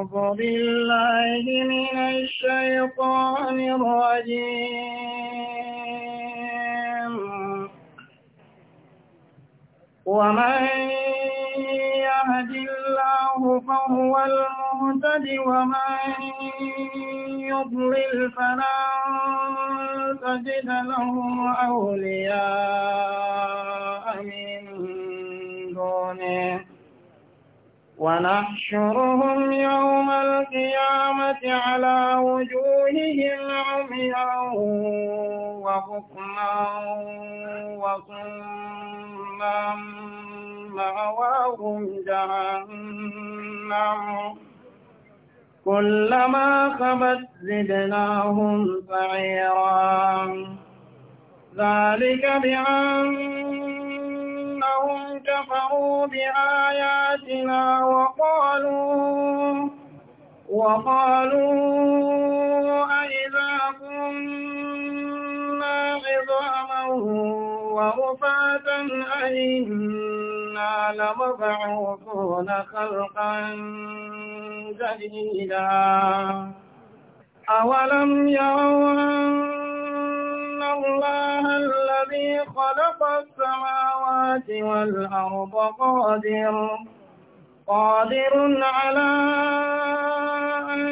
أعوذ بالله من الشيطان الرجيم ومن يهد الله فهو المهتد ومن يضلل فلا تجد له أولياء من دونه ونحشرهم يوم القيامة على وجوههم عميا وبكما وصما مأواهم جهنم كلما خبت زدناهم سعيرا ذلك بأن أنهم كفروا بآياتنا وقالوا وقالوا أئذا كنا عظاما ورفاتا أئنا لمبعوثون خلقا جديدا أولم يروا الله الذي خلق السماوات والأرض قادر قادر على أن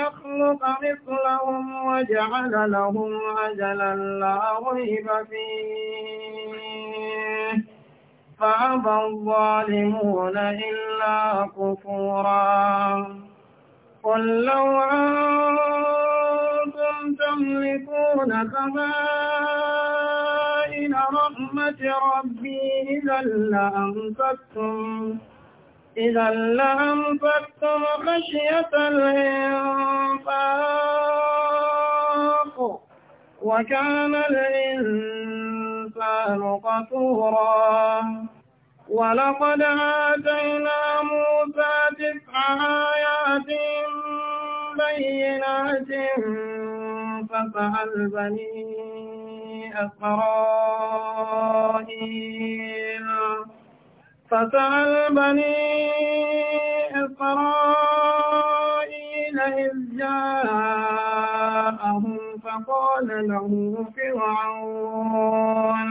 يخلق مثلهم وجعل لهم أجلا لا ريب فيه فأبى الظالمون إلا كفورا قل لو أن تملكون خبائن رحمة ربي إذا لأنفقتم إذا لأنفقتم خشية الإنفاق وكان الإنسان قتورا ولقد آتينا موسى تسع آيات بينات ففعل بني إسرائيل ففعل بني إسرائيل إذ جاءهم فقال له فرعون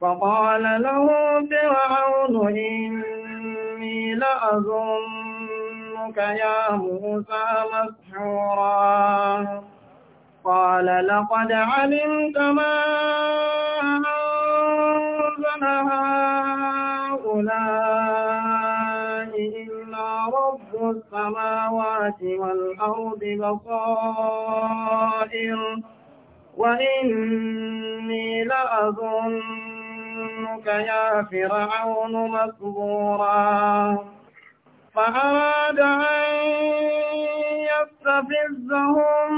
فقال له فرعون إني لأظن ربك يا موسى مسحورا قال لقد علمت ما أنزل هؤلاء إلا رب السماوات والأرض بصائر وإني لأظنك يا فرعون مكبورا فأراد أن يستفزهم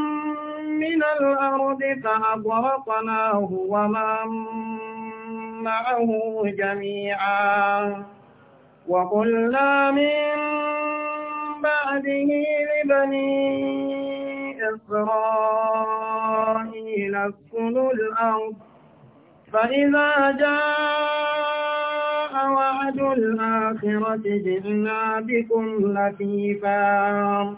من الأرض فأغرقناه ومن معه جميعا وقلنا من بعده لبني إسرائيل اسكنوا الأرض فإذا جاء ووعد وعد الآخرة جئنا بكم لطيفا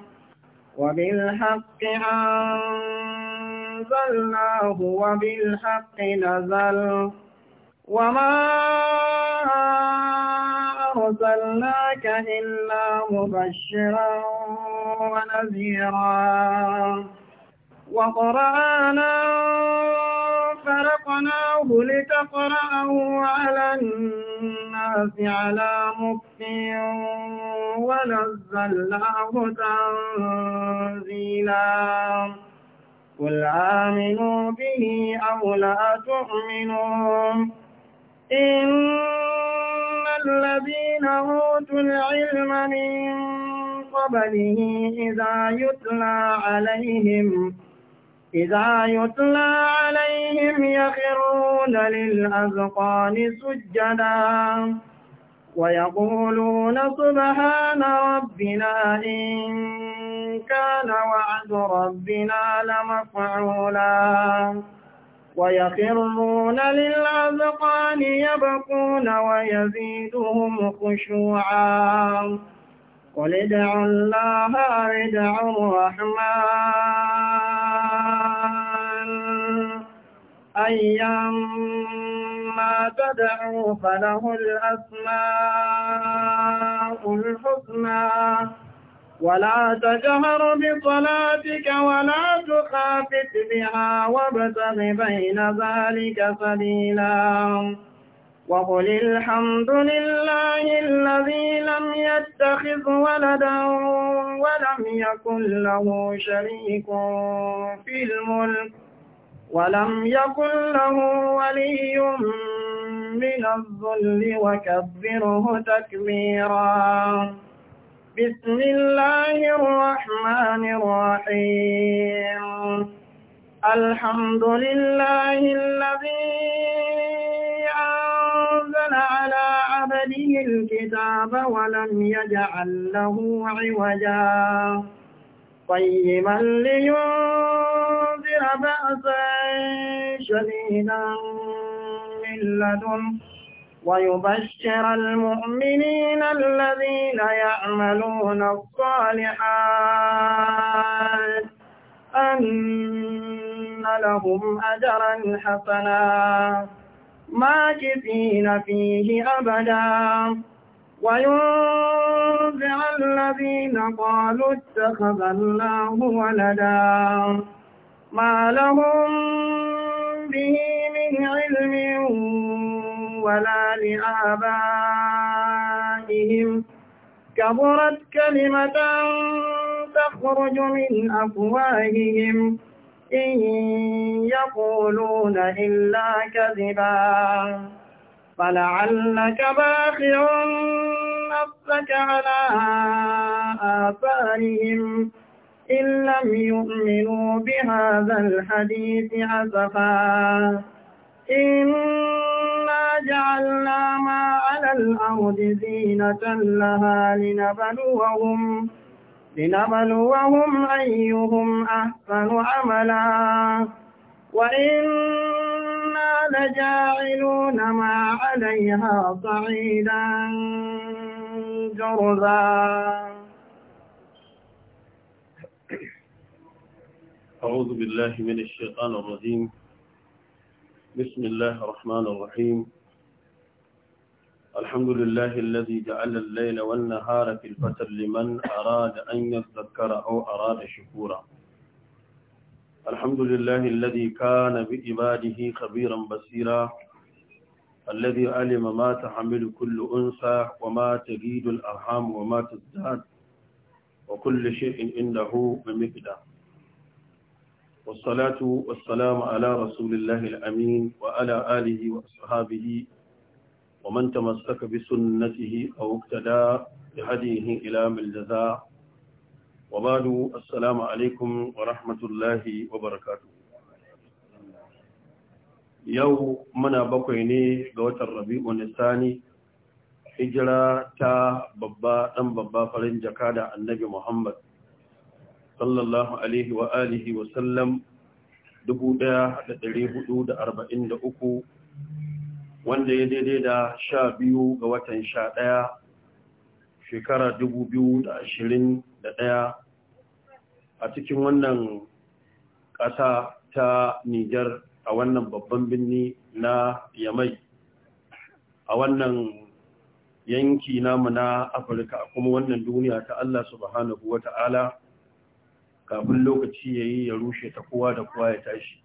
وبالحق أنزلناه وبالحق نزل وما أرسلناك إلا مبشرا ونذيرا وقرآنا فرقناه لتقرأه على الناس على مكف ونزلناه تنزيلا قل آمنوا به أو لا تؤمنوا إن الذين أوتوا العلم من قبله إذا يتلى عليهم إذا يتلى عليهم يخرون للأذقان سجدا ويقولون سبحان ربنا إن كان وعد ربنا لمفعولا ويخرون للأذقان يبقون ويزيدهم خشوعا قل ادعوا الله ادعوا الرحمن ما تدعوا فله الأسماء الحسنى ولا تجهر بصلاتك ولا تخافت بها وابتغ بين ذلك سبيلا وقل الحمد لله الذي لم يتخذ ولدا ولم يكن له شريك في الملك ولم يكن له ولي من الظل وكبره تكبيرا بسم الله الرحمن الرحيم الحمد لله الذي أنزل على عبده الكتاب ولم يجعل له عوجا قيما لينزل بأسا شديدا من لدن ويبشر المؤمنين الذين يعملون الصالحات أن لهم أجرا حسنا ماكثين فيه أبدا وينزع الذين قالوا اتخذ الله ولدا ما لهم به من علم ولا لآبائهم كبرت كلمة تخرج من أفواههم إن يقولون إلا كذبا فلعلك باخع نفسك على آثارهم إن لم يؤمنوا بهذا الحديث عسفا إنا جعلنا ما على الأرض زينة لها لنبلوهم لنبلوهم أيهم أحسن عملا وإنا لجاعلون ما عليها صعيدا جرذا أعوذ بالله من الشيطان الرجيم بسم الله الرحمن الرحيم الحمد لله الذي جعل الليل والنهار في الفتر لمن أراد أن يذكر أو أراد شكورا الحمد لله الذي كان بإباده خبيرا بصيرا الذي علم ما تحمل كل أنثى وما تجيد الأرحام وما تزداد وكل شيء عنده بمقدار والصلاة والسلام على رسول الله الأمين وعلى آله وأصحابه ومن تمسك بسنته أو اقتدى بهديه إلى ملجزاء وبعد السلام عليكم ورحمة الله وبركاته yau muna bakwai ne ga watan rabi'u nisani hijira ta babba dan babba farin jaka da annabi muhammad sallallahu alaihi wa alihi wa sallam 1443 wanda ya daidai da sha biyu ga watan sha ɗaya shekara ɗaya a cikin wannan ƙasa ta Nijar a wannan babban birni na Yamai a wannan yanki namu na Afirka kuma wannan duniya ta Allah subhanahu wa ta'ala kafin lokaci ya yi ya rushe ta kowa da kowa ya tashi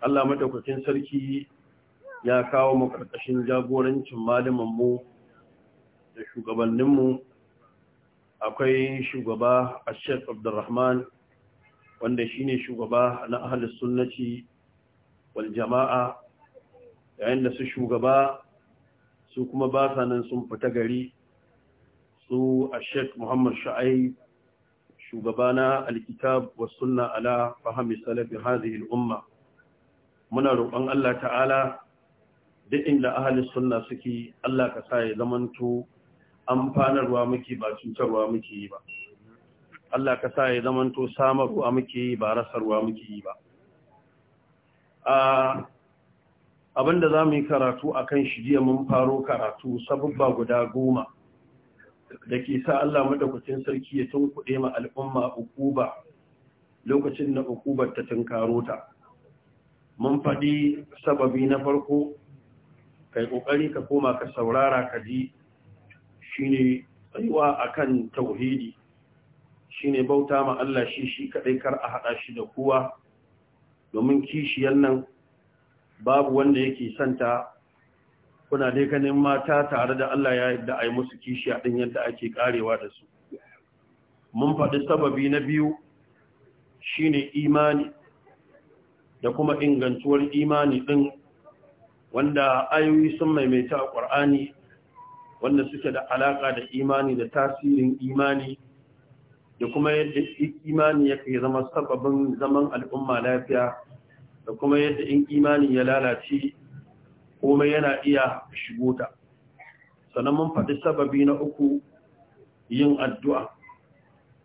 Allah mataukakin sarki ya kawo mu karkashin jagorancin mu da shugabanninmu akwai shugaba a Sheikh abdurrahman wanda shine shugaba na ahalis sunnaci wal jama'a yayin da su shugaba su kuma ba nan sun fita gari su a Sheikh muhammad sha'ai shugabana alkitab wa sunna ala fahmi salafi hadhihi al-umma muna roƙon Allah ta'ala duk inda ahli sunna suke Allah ka sa ya zamanto amfanarwa muke ba cutarwa muke yi ba Allah ka sa ya zamanto samarwa muke yi ba rasarwa muke yi ba abinda za mu yi karatu akan shi jiya mun faro karatu sabubba guda goma da ke sa Allah madaukakin sarki ya tun tunkuɗe ma al'umma ukuba lokacin da Ukuba ta tunkaro ta mun faɗi sababi na farko kai ƙoƙari ka koma ka saurara ka ji ne tsayuwa kan tauhidi Shi ne bauta ma Allah shi shi kaɗai kar a haɗa shi da kuwa. domin kishiyar nan babu wanda yake santa kuna dai ganin mata tare da Allah ya yadda a yi musu kishiya ɗin yadda ake karewa da su mun faɗi sababi na biyu shine imani da kuma ingantuwar imani ɗin wanda ayoyi sun maimaita a ƙwar'ani wanda suke da alaƙa da imani da tasirin imani da kuma yadda imani yake zama sababin zaman al'umma lafiya da kuma yadda in imani ya lalace komai yana iya shigo ta sannan mun faɗi sababi na uku yin addu'a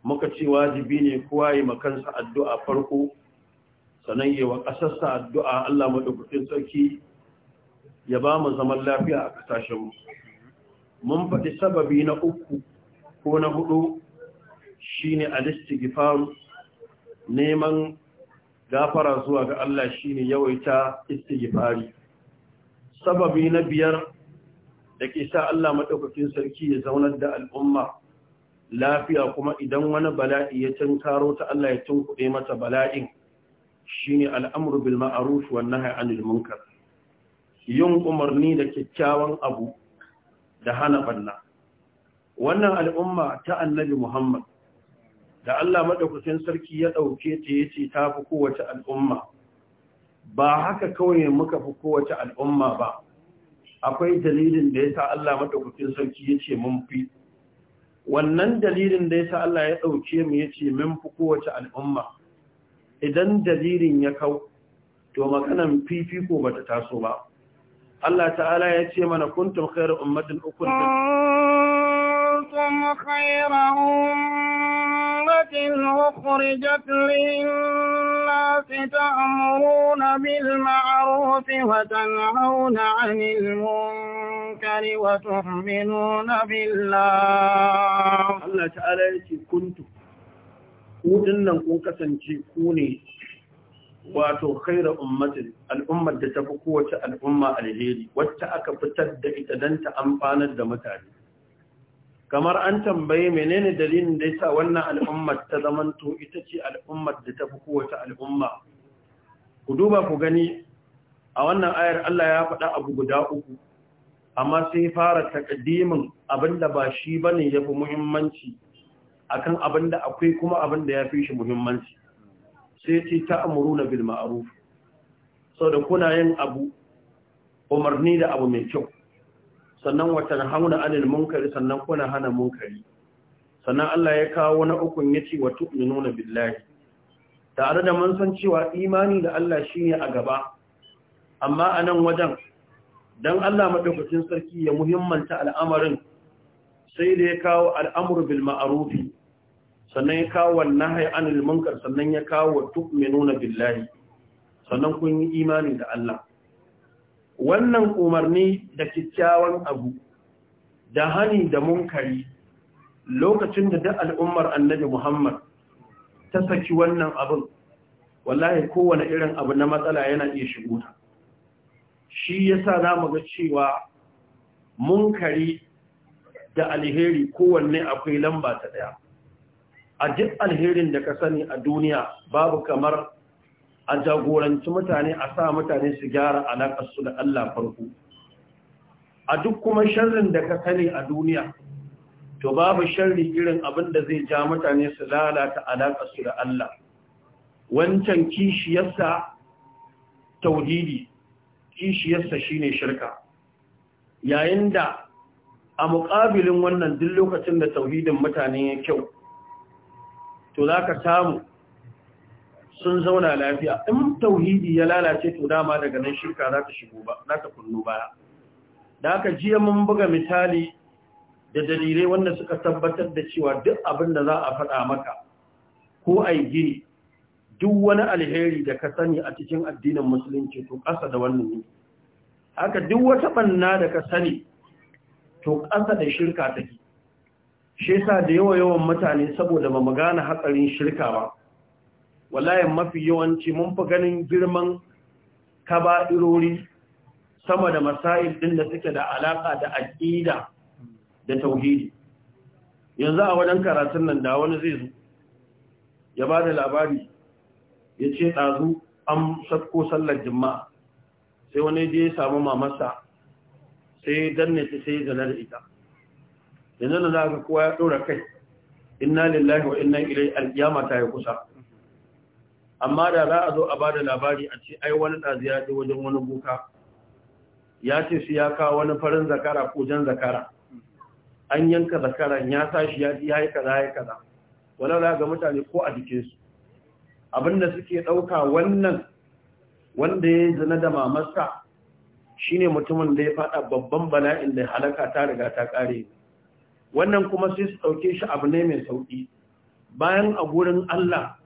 muka ce wajibi ne kowa yi makansa addu'a farko sannan yi wa ƙasarsa addu'a Allah maɗaukakin sarki ya ba mu zaman lafiya a ƙasashenmu mun faɗi sababi na uku ko na hudu shi ne alistigifaru neman gafara zuwa ga Allah shi ne yawaita istigifari sababi na biyar da ke sa Allah maɗaukakin sarki ya zaunar da al'umma lafiya kuma idan wani bala'i ya tunkaro ta Allah ya tunkuɗe mata bala'in shi shine al'amru bil ma'ruf wan nahy anil munkar yin umarni da kyakkyawan abu da hana banna wannan al'umma ta annabi Muhammad da Allah maɗaukakin sarki ya ɗauke ta yace fi kowace al'umma ba haka kawai muka fi kowace al'umma ba akwai dalilin da ya sa Allah maɗaukakin sarki ya ce mun fi wannan dalilin da ya sa Allah ya ɗauke mu ya ce mun fi kowace al'umma idan dalilin ya kau to maganan fifiko ba ta taso ba Allah ta'ala ya ce mana kuntum khairu ummatin ukhrijat khairu ummatin ukhrijat lin الناس تأمرون بالمعروف وتنهون عن المنكر وتؤمنون بالله الله تعالى كنت ودنن كون كوني wato khaira ummatin al'ummar da tafi kowace al'umma alheri wacce aka fitar da ita dan ta amfanar da mutane kamar an tambaye menene dalilin da yasa wannan al'ummar ta zamanto ita ce al'ummar da ta fi kowace al'umma ku duba ku gani a wannan ayar Allah ya faɗa abu guda uku amma sai fara takaddimin abinda ba shi bane yafi muhimmanci akan abinda akwai kuma abinda yafi shi muhimmanci sai ce ta'muruna bil ma'ruf saboda kuna yin abu umarni da abu mai kyau sannan wata hauna anil munkari sannan kuna hana munkari sannan Allah ya kawo na ukun yace wa tu'minuna billahi tare da mun san cewa imani da Allah shine a gaba amma a nan wajen dan Allah madaukakin sarki ya muhimmanta al'amarin sai da ya kawo al'amru bil ma'rufi sannan ya kawo nahyi anil munkar sannan ya kawo tu'minuna billahi sannan kun yi imani da Allah wannan umarni da kyakkyawan abu da hani da munkari lokacin da da al'ummar annabi Muhammad ta saki wannan abin wallahi kowane irin abu na matsala yana iya shigo ta shi yasa zamu ga cewa munkari da alheri kowanne akwai lamba ta daya a duk alherin da ka sani a duniya babu kamar a jagoranci mutane a sa mutane su gyara alaƙarsu da Allah farko a duk kuma sharrin da ka sani a duniya to babu sharri irin abin da zai ja mutane su lalata alaƙarsu da Allah wancan kishiyarsa tauhidi kishiyarsa shine shirka yayin da a muƙabilin wannan duk lokacin da tauhidin mutane ya kyau to za ka samu sun zauna lafiya in tauhidi ya lalace to dama daga nan shirka za ta shigo ba za ta kullu baya da haka jiya mun buga misali da dalilai wanda suka tabbatar da cewa duk abin da za a faɗa maka ko a gini duk wani alheri da ka sani a cikin addinin musulunci to ƙasa da wannan ne haka duk wata ɓanna da ka sani to ƙasa da shirka take shi yasa da yawa yawan mutane saboda ba mu gane hatsarin shirka ba wallahi mafi yawanci mun fi ganin girman kaba'irori sama da masail din da suke da alaka da aqida da tauhidi yanzu a wajen karatun nan da wani zai zo ya ba da labari ya ce ɗazu an sako sallar Juma'a. sai wani je ya samu mamarsa sai danne ta sai zanar da ita yanzu da za ka kowa ya ɗora kai inna lillahi wa inna ilai alƙiyama ta ya kusa amma da za a zo a ba da labari a ce ai wani ɗazi ya ce wajen wani buka ya ce shi ya kawo wani farin zakara ko jan zakara an yanka zakara, ya tashi ya ji yayi kaza yayi kaza wala za ga mutane ko a jikin su abinda suke ɗauka wannan wanda ya zina da mamarsa shine mutumin da ya faɗa babban bala'in da halaka ta riga ta ƙare wannan kuma sai su ɗauke shi abu ne mai sauƙi bayan a gurin Allah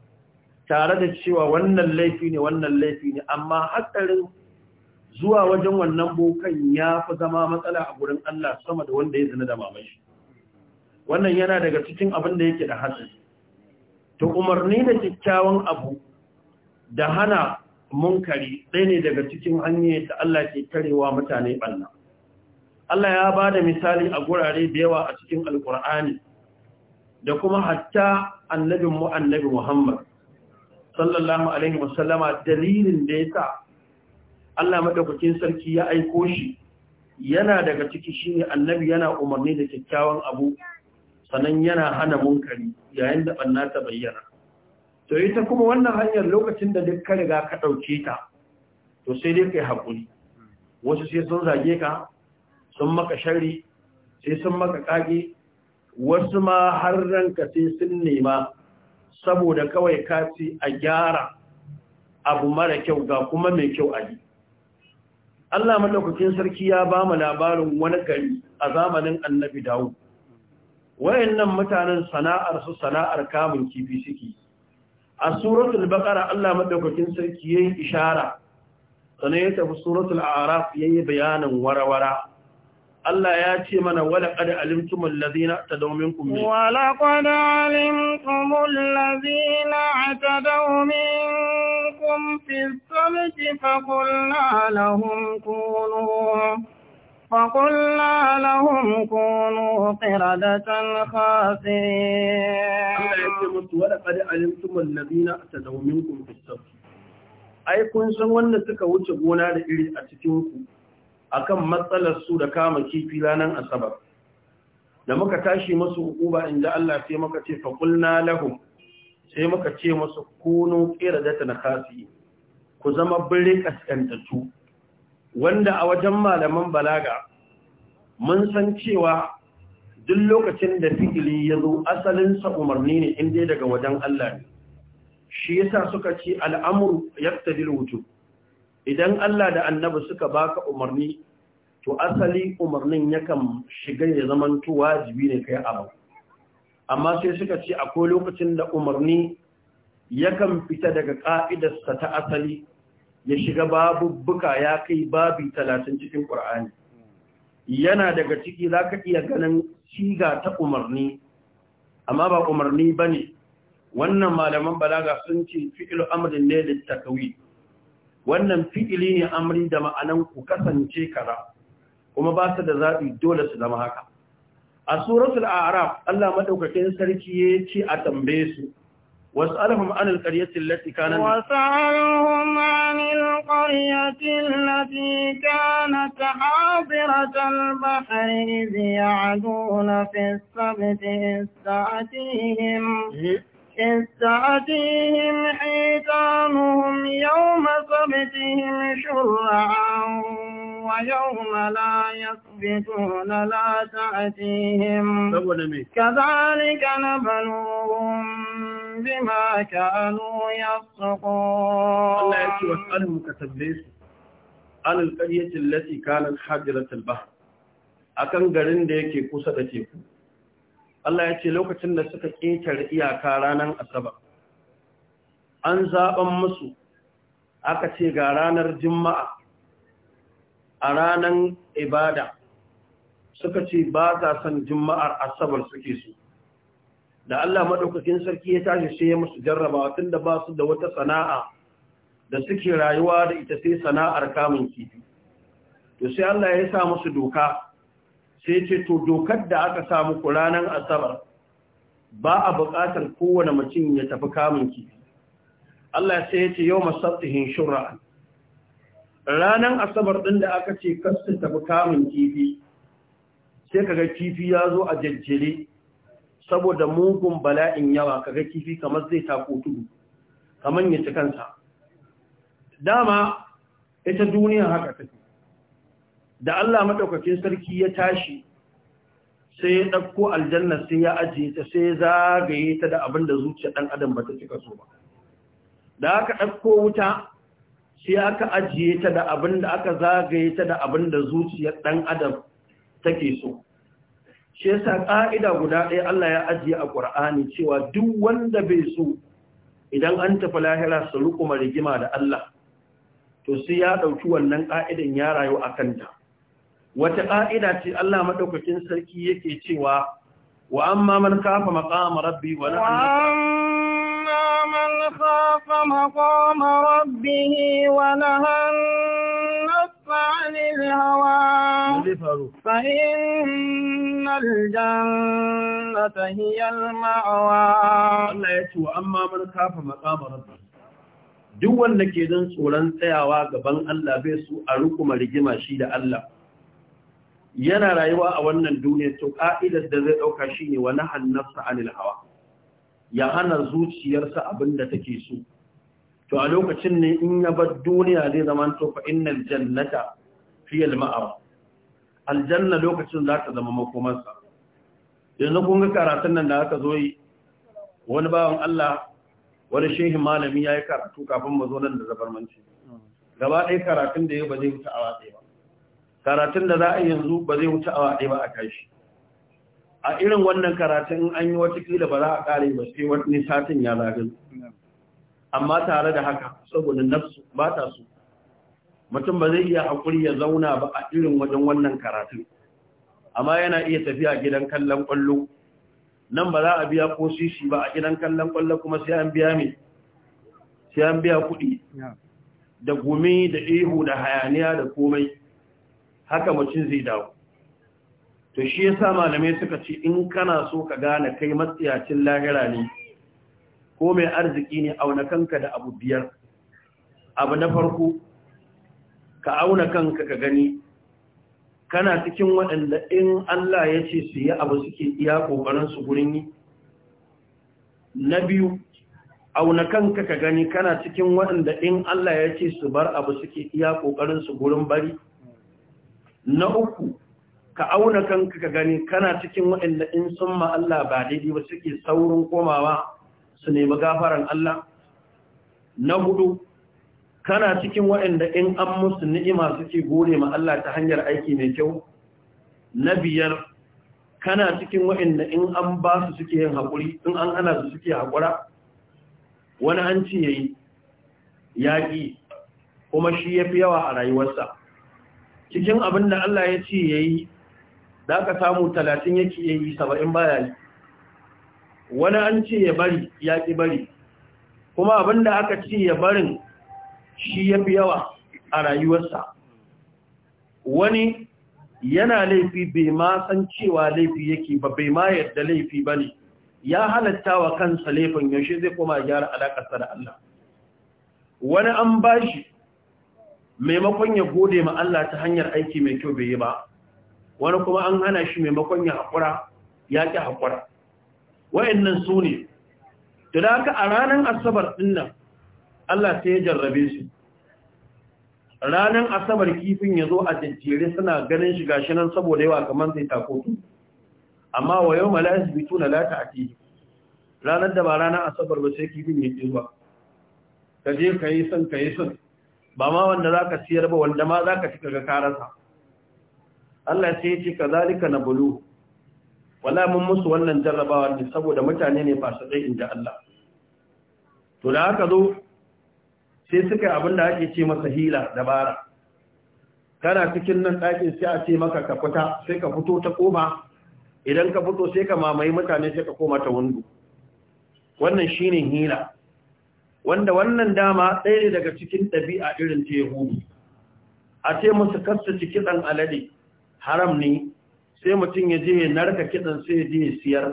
tare da cewa wannan laifi ne wannan laifi ne amma hatsarin zuwa wajen wannan bokan ya fi zama matsala a gurin Allah sama da wanda ya zina da mamashi wannan yana daga cikin abin da yake da hatsari to umarni da kyakkyawan abu da hana munkari ɗaya ne daga cikin hanyar da Allah ke karewa mutane balla Allah ya bada misali a gurare da yawa a cikin alƙur'ani da kuma hatta annabin mu annabi Muhammad sallallahu alaihi wasallama dalilin da ya sa Allah madaukakin sarki ya aiko shi yana daga ciki shine annabi yana umarni da kyakkyawan abu sanan yana hana munkari yayin da banna ta bayyana to ita kuma wannan hanyar lokacin da duk ka riga ka dauke ta to sai dai kai hakuri wasu sai sun zage ka sun maka shari sai sun maka kage wasu ma har ranka sai sun nema saboda kawai kaci a gyara abu mara kyau ga kuma mai kyau a yi Allah maɗaukakin sarki ya ba mu labarin wani gari a zamanin annabi dawo wayannan mutanen sana'ar su sana'ar kamun kifi suke a suratul baqara Allah maɗaukakin sarki ya yi ishara sannan ya tafi suratul a'raf yi bayanin warawara Allah ya ce mana wala kada alimtumul ladina tadaw minkum wala qad alimtumul ladina tadaw minkum samti faqulna lahum kunu فقلنا لهم كونوا قردة خاسرين الله يتمت ولقد علمتم الذين أتدوا منكم في السبت Ai kun san wanda suka wuce gona da iri a cikin ku akan matsalar su da kama kifi ranar asabar da muka tashi masu hukuba inda Allah sai muka ce faqulna lahum sai muka ce masu kunu qiradata na khasi ku zama bire kaskantatu wanda a wajen malaman balaga mun san cewa duk lokacin da fi'ili ya zo asalin sa umarni ne inda daga wajen Allah ne shi yasa suka ce al'amru yaqtadi wujub idan Allah da annabi suka baka umarni to asali umarnin yakan shiga ya zaman to wajibi ne kai a amma sai suka ce akwai lokacin da umarni yakan fita daga ka'idarsa ta asali ya shiga babubbuka ya kai babu talatin cikin ƙur'ani yana daga ciki zaka iya ganin shiga ta umarni amma ba umarni bane wannan malaman balaga sun ce fi'il amrin ne littakawi wannan fi’ili ne amri da ma’anan ku kasance kara kuma ba su da zaɓi dole su zama haka. A Suratul Araf, Allah maɗaukacin sarki ya ce a tambaye su, wasu alhum an alƙaryatin lati kanan. Wasu alhum an alƙaryatin lati kanan ta haɓira talba a riziya a duna fi sabbin إذ تأتيهم حيتانهم يوم سبتهم شرعا ويوم لا يسبتون لا تأتيهم كذلك نبلوهم بما كانوا يفسقون الله يأتي واسألهم كتبليس عن القرية التي كانت حاجرة البحر أكن قرن ديكي قصة تيكو Allah ya ce lokacin da suka ƙetare iyaka ranar Asabar, an zaɓan musu aka ce ga ranar Juma'a a ranar ibada suka ce ba ta son Juma'ar Asabar suke su. Da Allah maɗaukakin sarki ya tashi sai ya musu jarrabawa tunda da ba su da wata sana'a da suke rayuwa da ita sai sana'ar kamun kifi. To sai Allah ya sa musu doka. sai ce to dokar da aka samu ku ranar asabar ba a buƙatar kowane mutum ya tafi kamun kifi Allah sai ya ce yau masabtihin shura. ranar asabar ɗin da aka ce kasu tafi kamun kifi sai kaga kifi ya zo a jajjere saboda mugun bala'in yawa kaga kifi kamar zai tako tudu kamar ya ci kansa dama ita duniya haka take da Allah madaukakin sarki ya tashi sai ya dauko aljanna sai ya ajiye ta sai ya zagaye ta da abin da zuciya ɗan adam ba ta cika so ba da aka dauko wuta sai aka ajiye ta da abin da aka zagaye ta da abin da zuciyar ɗan adam take so shi yasa ƙa'ida guda ɗaya Allah ya ajiye a ƙur'ani cewa duk wanda bai so idan an tafi lahira su rukuma rigima da Allah to sai ya ɗauki wannan ƙa'idan ya rayu a kanta wata ƙa'ida ce Allah maɗaukakin sarki yake cewa wa amma man kafa maqama rabbi wa man khafa maqama rabbihi wa nahana عن الهوى فإن الجنة هي المأوى الله يتوى أما من خاف مقام ربه duk wanda ke don tsoron tsayawa gaban Allah bai su a rukuma rigima shi da Allah yana rayuwa a wannan duniya to ka'idar da zai dauka shine wa nahan nafsa anil hawa ya hana zuciyarsa abinda take so to a lokacin ne in ya bar duniya zai zama to fa innal jannata fi al al aljanna lokacin za ta zama makomarsa yanzu kun ga karatun nan da aka zo yi wani bawan Allah wani shehin malami yayi yi karatu kafin mu zo nan da zabarmanci gaba ɗaya karatun da ya ba zai wuce a watsi ba karatun da za a yanzu ba zai wuce awa ɗaya ba a shi. a irin wannan karatun an yi watakila ba za a ƙare ba sai wani satin ya zagin amma tare da haka saboda nafsu ba ta su mutum ba zai iya haƙuri ya zauna ba a irin wajen wannan karatun amma yana iya tafiya gidan kallon ƙwallo nan ba za a biya ko sisi ba a gidan kallon ƙwallo kuma sai an biya mai sai an biya kuɗi da gumi da ihu da hayaniya da komai haka mutum zai dawo to shi yasa malamai suka ce in kana so ka gane kai matsiyacin lahira ne ko mai arziki ne auna kanka da abu biyar abu na farko ka auna kanka ka gani kana cikin waɗanda in Allah ya ce su yi abu suke iya ƙoƙarinsu gurin yi na biyu auna kanka ka gani kana cikin waɗanda in Allah ya ce su bar abu suke iya ƙoƙarinsu gurin bari na uku ka auna kanka ka gani kana cikin waɗanda in sun ma Allah ba daidai ba suke saurin komawa su nemi gafaran Allah na hudu kana cikin waɗanda in an musu ni'ima suke gode ma Allah ta hanyar aiki mai kyau na biyar kana cikin waɗanda in an ba su suke yin haƙuri in an ana su suke haƙura wani an ci yayi yaƙi kuma shi ya fi yawa a rayuwarsa cikin abin da Allah ya ce ya yi da aka samu talatin yake ya yi saba'in baya yi wani an ce ya bari ya ƙi bari kuma abin da aka ce ya barin shi ya fi yawa a rayuwarsa wani yana laifi bai ma san cewa laifi yake ba bai ma yadda laifi ba ne ya halatta wa kansa laifin yaushe zai koma gyara alaƙasa da Allah wani an bashi maimakon ya gode ma Allah ta hanyar aiki mai kyau bai yi ba wani kuma an hana shi maimakon ya haƙura ya ƙi haƙura wa'annan su ne to da haka a ranar asabar ɗin nan Allah sai ya jarrabe su ranar asabar kifin ya zo a jajjere suna ganin shi gashi nan saboda yawa kamar sai takotu amma wa yau mala'is bitu na lata a ranar da ba ranar asabar ba sai kifin ya ƙi zuwa ka je ka yi son ka yi son ba ma wanda za ka siyar ba wanda ma za ka cika ga karasa Allah sai ya ce ka zalika na bulu wala mun musu wannan jarrabawa ne saboda mutane ne fasadai inda Allah to da haka zo sai suka abin da ake ce masa hila dabara kana cikin nan ɗakin sai a ce maka ka fita sai ka fito ta koma idan ka fito sai ka mamaye mutane sai ka koma ta wundu wannan shine hila wanda wannan dama ɗaya ne daga cikin ɗabi'a irin ta yahudu a ce musu kasta ci kitsan alade haram ne sai mutum ya je narka kiɗan sai ya je ya siyar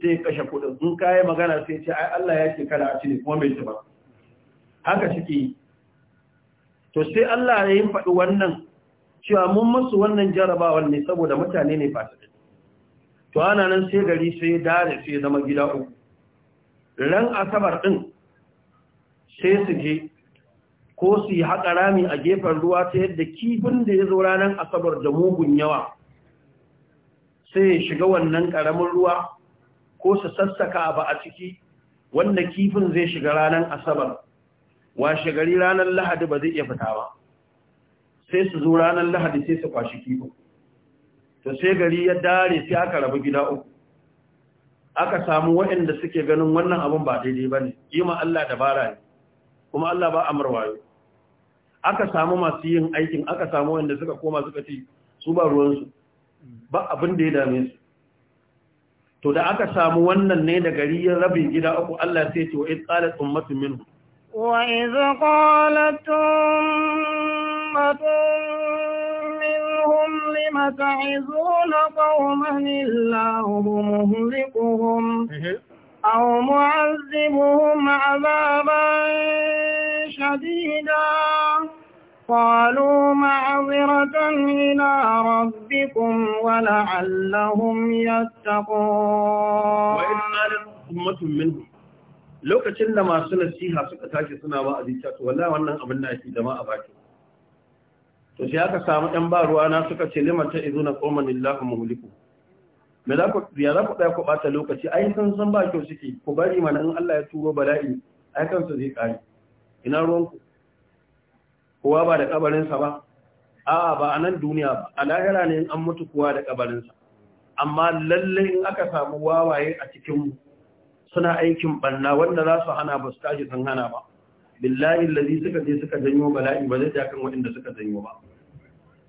sai ya kashe kuɗin in kayi magana sai ce ai Allah ya ce kada a ci kuma bai ci ba haka ciki yi to sai Allah ya yi faɗi wannan cewa mun musu wannan jarabawan ne saboda mutane ne fasiki to ana nan sai gari sai dare sai zama gida uku ran asabar din sai su je ko su yi haƙa rami a gefen ruwa ta yadda kifin da ya zo ranar asabar da mugun yawa sai ya shiga wannan ƙaramin ruwa ko su sassaka ba a ciki wanda kifin zai shiga ranar asabar washe gari ranar lahadi ba zai iya fita ba sai su zo ranar lahadi sai su kwashi kifin to sai gari ya dare sai aka rabu gida uku aka samu waɗanda suke ganin wannan abin ba daidai ba ne yi ma Allah dabara ne kuma Allah ba amarwa wayo aka samu masu yin aikin aka samu wanda suka koma suka ce su ba ruwansu ba abin da ya dame su to da aka samu wannan ne da gari ya rabin gida uku Allah sai ce wa iz qalat ummatun min wa ta'izuna qauman illahu muhlikuhum mhm. أو معذبهم عذابا شديدا قالوا معذرة إلى ربكم ولعلهم يتقون وإن قالت أمة منهم لو كتن لما سنة سيها سكتاك سنة وأذيتك ولا وأنهم أمنا في دماء باكي to sai aka samu ɗan ba ruwana suka ce limata izuna qauman illahu muhliku me za ku ya za ku tsaya ku bata lokaci ai san san ba kyau suke ku bari mana in Allah ya turo bala'i ai kansu zai kare ina ruwanku kowa ba da sa ba a'a ba a nan duniya ba a lahira ne in an mutu kowa da kabarinsa amma lalle in aka samu wawaye a cikin mu suna aikin banna wanda za su hana ba su tashi sun hana ba billahi lazi suka je suka janyo bala'i ba zai kan waɗanda suka janyo ba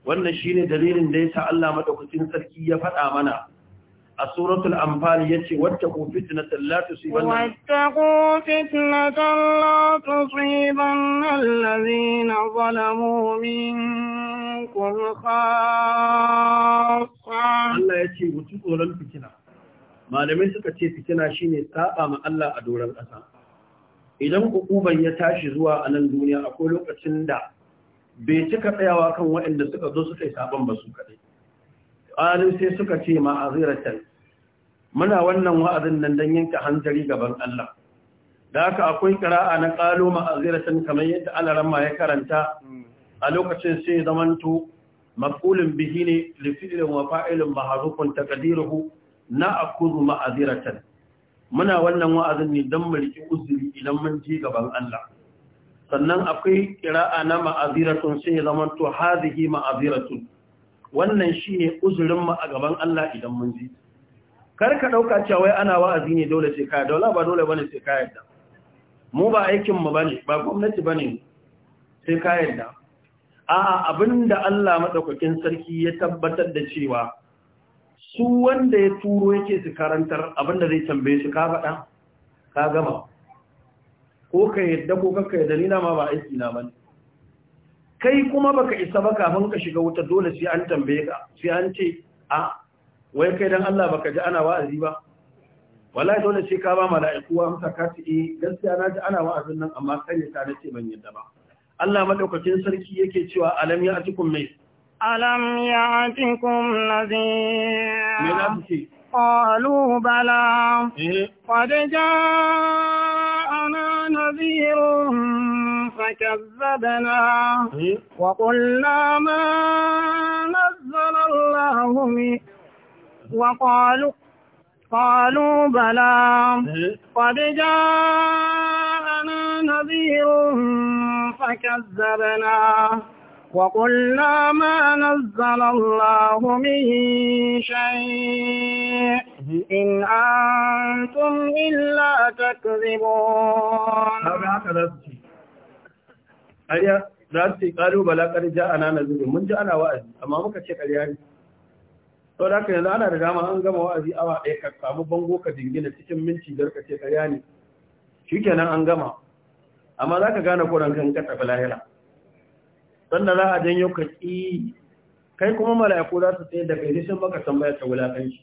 wannan shine dalilin da yasa Allah madaukakin sarki ya faɗa mana a suratul amfani yace wattaqu fitnatan la tusibanna wattaqu fitnatan la tusibanna alladhina zalamu minkum khassan Allah yace wuce tsoron fitina malamai suka ce fitina shine saba ma Allah a doron kasa idan hukuman ya tashi zuwa a nan duniya akwai lokacin da bai cika tsayawa kan waɗanda suka zo suka yi saban ba su kaɗai ƙwarin sai suka ce ma'azirar talfi muna wannan wa'azin nan don yanka hanzari gaban Allah da haka akwai ƙira'a na ƙalo ma'aziratan kamar yadda alaran ma ya karanta a lokacin sai zamanto mafulin bihi ne lifi'ilin wa fa'ilin maharufin takadiruhu na akuzu ma'aziratan muna wannan wa'azin ne don mulki uzuri idan mun ji gaban Allah sannan akwai ƙira'a na ma'aziratun sai zamanto hazihi ma'aziratun wannan shine uzurin mu a gaban Allah idan mun ji kar ka ɗauka cewa wai ana wa'azi ne dole sai kaya daula ba dole bane sai ka yadda mu ba aikin mu bane ba gwamnati bane sai ka yadda a'a abinda Allah madaukakin sarki ya tabbatar da cewa su wanda ya turo yake su karantar abinda zai tambaye shi ka faɗa ka gama ko ka yadda ko kanka yadda ni ma ba aiki na bane kai kuma baka isa ba kafin ka shiga wuta dole sai an tambaye ka sai an ce a wai kai don Allah baka ji ana wa'azi ba wallahi dole sai ka ba mala'iku wa musa ka ci eh, gaskiya na ji ana wa'azin nan amma kai ne na ce ban yadda ba Allah madaukakin sarki yake cewa alam ya atikum mai alam ya atikum nazir me za su ce qalu bala eh. qad ja'ana نذير فكذبنا وقلنا ما نزل الله من وقالوا قالوا بلى إيه؟ قد جاءنا نذير فكذبنا وقلنا ما نزل الله من شيء إيه؟ إن أنتم إلا تكذبون هذا za su yi ƙalu قالوا بلى قد جاءنا نذير من جاءنا wa'azi amma muka ce sau da haka yanzu ana da dama an gama wa'azi awa ɗaya ka samu bango ka jingina cikin minti biyar ce ƙarya ne shi kenan an gama amma za ka gane kuran kan ka tafi lahira sannan za a janyo ka ƙi kai kuma mala'iku za su tsaye da kai sun maka tambaya ta wulaƙanci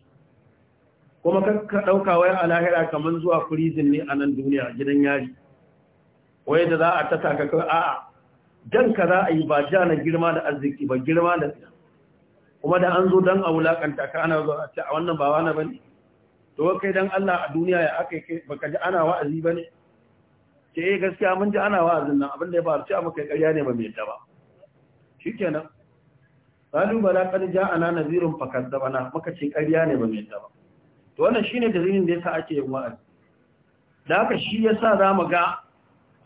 kuma ka ɗauka wai a lahira kamar zuwa firizin ne a nan duniya gidan yari wai da za a tata ka kai? a'a jan ka za a yi ba ja na girma da arziki ba girma da tsaye kuma da an zo don a wulaƙanta ka ana zo a wannan ba wani ba ne to kai don Allah a duniya ya aka kai baka ji ana wa'azi ba ne ke yi eh, gaskiya mun ji ana wa'azin nan abin da ya faru cewa muka ƙarya ne ba mai ta ba shi kenan Salu bala kan ja ana nazirin fakar da bana muka ce ƙarya ne ba mai ta ba to wannan shine dalilin da yasa ake yin wa'azi da haka shi yasa za mu ga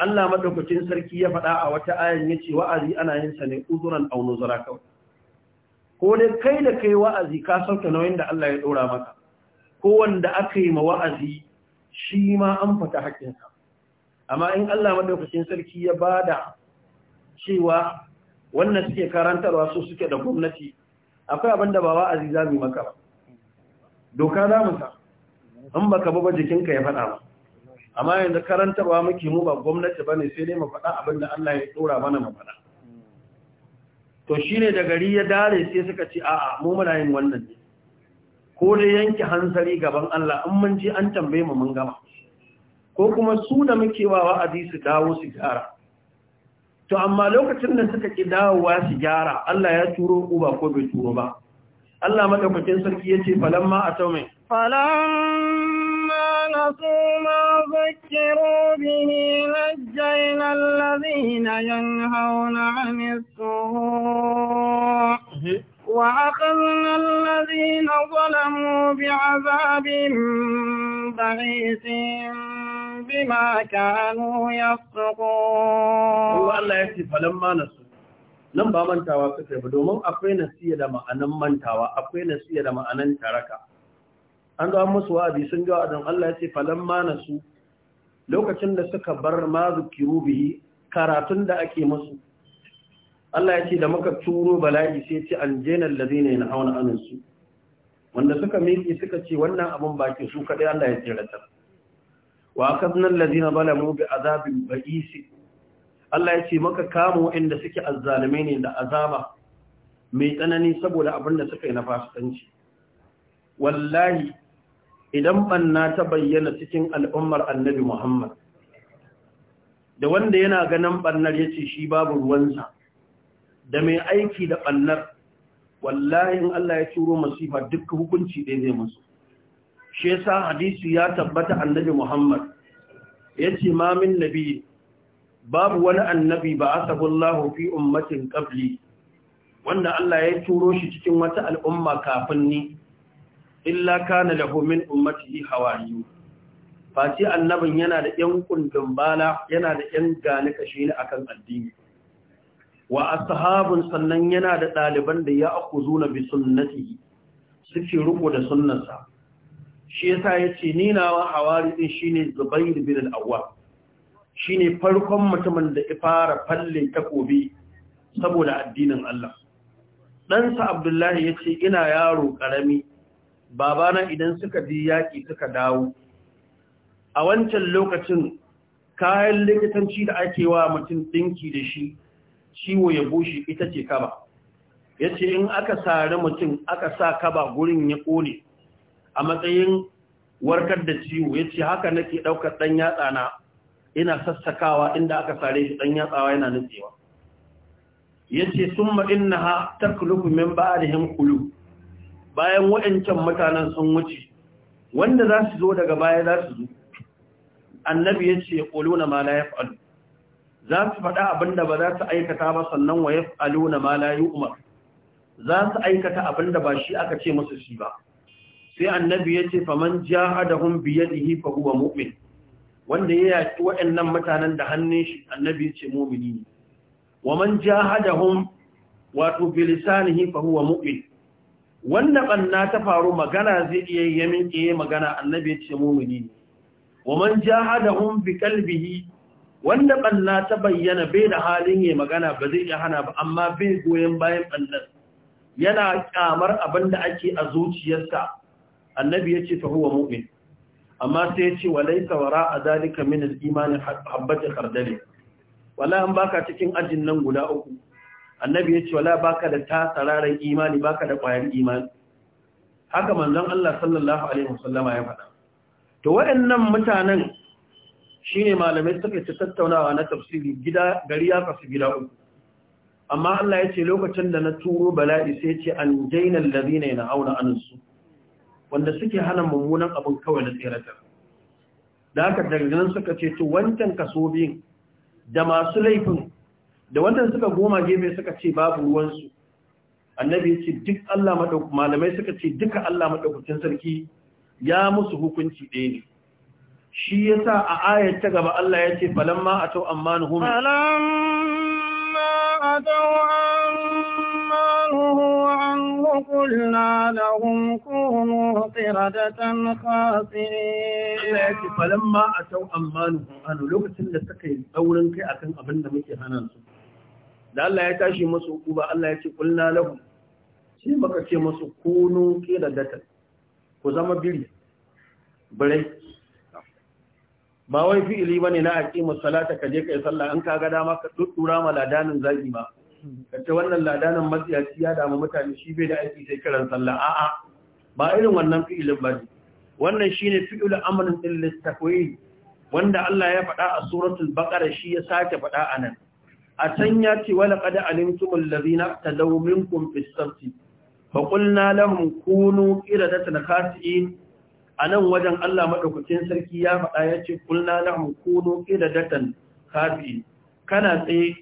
Allah madaukakin sarki ya faɗa a wata ayan yace wa'azi ana yin sa ne uzuran aw nuzura kawai ko dai kai da kai wa'azi ka sauke nauyin da Allah ya ɗora maka ko wanda aka yi ma wa'azi shi ma an fata haƙƙinsa amma in Allah madaukakin sarki ya bada cewa wannan suke karantarwa su suke da gwamnati akwai abin da ba wa'azi za mu maka ba doka za mu sa in baka ba jikinka ya faɗa ba amma yanzu karantarwa muke mu ba gwamnati ne, sai dai mu faɗa abin da Allah ya dora mana mu faɗa to shine da gari ya dare sai suka ce a'a mu muna yin wannan ne ko dai yanke hansari gaban Allah in mun ji an tambaye mu mun gama ko kuma su da muke wa wa'azi su dawo su gyara to amma lokacin da suka ki dawowa su gyara Allah ya turo uba ko bai turo ba Allah madaukakin sarki yace falamma a taume falamma نقوا ما ذكروا به نجينا الذين ينهون عن السوء وأخذنا الذين ظلموا بعذاب بغيث بما كانوا يفسقون الله يكفي فلما نسوا nan ba mantawa suka yi domin akwai nasiya da ma'anan mantawa akwai nasiya da ma'anan taraka an ga an musu wa'azi sun ga wa'azin Allah ya ce falamma nasu lokacin da suka bar ma bihi karatun da ake musu Allah ya ce da muka turo bala'i sai ce an jena allazina yanhauna anin su wanda suka miki suka ce wannan abun bakin su kadai Allah ya tsirata wa akadna allazina balamu bi azabin ba'is Allah ya ce maka kama waɗanda suke azzalume ne da azaba mai tsanani saboda abin da suka yi na fasikanci wallahi idan banna ta bayyana cikin al'ummar annabi Muhammad da wanda yana ganin ɓannar ya ce shi babu ruwansa da mai aiki da ɓannar. wallahi in Allah ya turo masifa duk hukunci ɗaya zai masu. shi yasa hadisi ya tabbata annabi Muhammad yace mamin min nabi babu wani annabi ba asabullahu fi ummatin qabli wanda Allah ya turo shi cikin wata al'umma kafin ni illa kana lahu min ummatihi hawariyu Fati annabin yana da ‘yan kundin bala yana da ‘yan gani kashe ne akan addini wa ashabun sannan yana da ɗaliban da ya aku zuna bi sunnatihi suke riko da sunnansa. shi yasa yace ni nawa hawari din shine Zubair bin al-Awwam shine farkon mutumin da ya fara falle takobi saboda addinin Allah dan sa Abdullahi yace ina yaro karami babana idan suka ji yaƙi suka dawo a wancan lokacin kayan likitanci da ake wa mutum ɗinki da shi ciwo ya bushe ita ce kaba ya ce in aka sari mutum aka sa kaba gurin ya ƙone a matsayin warkar da ciwo ya ce haka nake ɗaukar ɗan yatsa na ina sassakawa inda aka sare shi ɗan yatsawa yana nutsewa ya ce sun ma'in na ha ta kulubu min da hankulu bayan waɗancan mutanen sun wuce wanda za su zo daga baya za su zo annabi ya ce ƙuluna ma ya yaf'alu za su faɗa abinda ba za su aikata ba sannan wa ya na ma la Umar. za su aikata abinda ba shi aka ce musu shi ba sai annabi ya ce faman jahadahum bi da hifa huwa mu'min wanda ya yaki waɗannan mutanen da hannun shi annabi ya ce mu'mini ne wa man jahadahum wato bi lisanihi fa huwa mu'min wanda banna ta faru magana zai iya yamin iya magana annabi ya ce mumini wa man jahadahum bi kalbihi. wanda banna ta bayyana bai da halin yayi magana ba zai iya hana ba amma bai goyen bayan bannan yana kamar abinda ake a zuciyarsa annabi ya ce fa huwa mu'min amma sai ya ce walaita wara a zalika min al-imani habbatu khardali wala an baka cikin ajin nan guda uku annabi ya ce wala baka da tasararan imani baka da ƙwayar imani haka manzon Allah sallallahu alaihi wasallama ya faɗa to waɗannan mutanen shine malamai suka ce tattaunawa na tafsiri gida gari ya kasu gida uku amma Allah ya ce lokacin da na turo bala'i sai ce an daina lalazina na auna anansu wanda suke hana mummunan abin kawai na tseratar da aka daga nan suka ce to wancan kaso biyun da masu laifin da wannan suka goma gefe suka ce babu ruwansu annabi ya ce duk Allah madaukakin malamai suka ce duka Allah madaukakin sarki ya musu hukunci ɗaya ne shi yasa a ayar ta gaba Allah ya ce falamma atau ammanuhum falamma atau ammanuhu an qulna lahum kunu qiradatan khasirin ya ce falamma atau ammanuhum an lokacin da suka yi saurin kai akan abin da muke hana su da Allah ya tashi musu ba Allah ya ce kulna lahum sai muka ce musu kunu qiradatan ku zama biri birai ba wai fi'ili bane na aqima salata kaje kai sallah an kaga dama ka tuttura ma ladanin zaki ma kace wannan ladanin matsiyaci ya dama mutane shi bai da aiki sai kiran sallah a'a ba irin wannan fi'ilin bane wannan shine fi'il amrin lil listakwin wanda Allah ya faɗa a suratul baqara shi ya sake faɗa anan a can ya ce wala da alimtumul ladina ta daumin fis sabti fa qulna lahum kunu qiradatan A nan wajen Allah maɗaukacin sarki ya faɗa ya ce qulna lahum kunu qiradatan khasi'in kana tsaye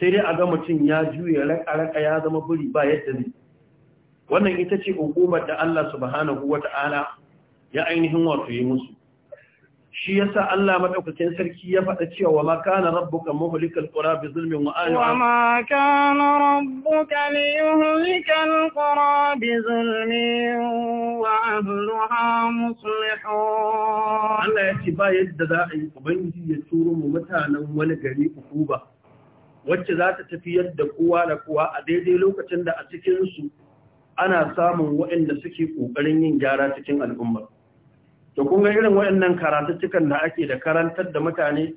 sai dai a ga mutum ya juya raka ya zama buri ba yadda ne wannan ita ce hukumar da Allah subhanahu wata'ala ya ainihin wato yi musu shi yasa Allah madaukakin sarki ya faɗa cewa wa ma kana rabbuka muhlikal qura bi zulmin wa ahliha wa ma kana rabbuka liyuhlikal qura bi zulmin wa ahliha muslihun Allah ya ce ba yadda za a yi ubangiji ya turo mu mutanen wani gari ukuba wacce za ta tafi yadda kowa da kowa a daidai lokacin da a cikin su ana samun waɗanda suke ƙoƙarin yin gyara cikin al'umma to kun ga irin waɗannan karatuttukan da ake da karantar da mutane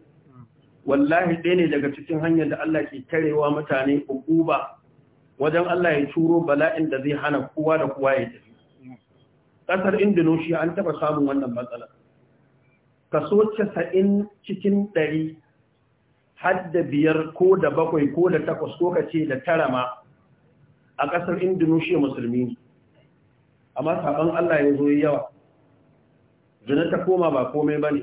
wallahi ɗaya ne daga cikin hanyar da Allah ke karewa mutane ukuba wajen Allah ya turo bala'in da zai hana kowa da kowa ya tafi ƙasar indonesia an taba samun wannan matsala kaso casa'in cikin ɗari har da biyar ko da bakwai ko da takwas ko kace da tara ma a ƙasar indonesia musulmi amma sabon Allah ya zo yawa zina ta koma ba komai ba ne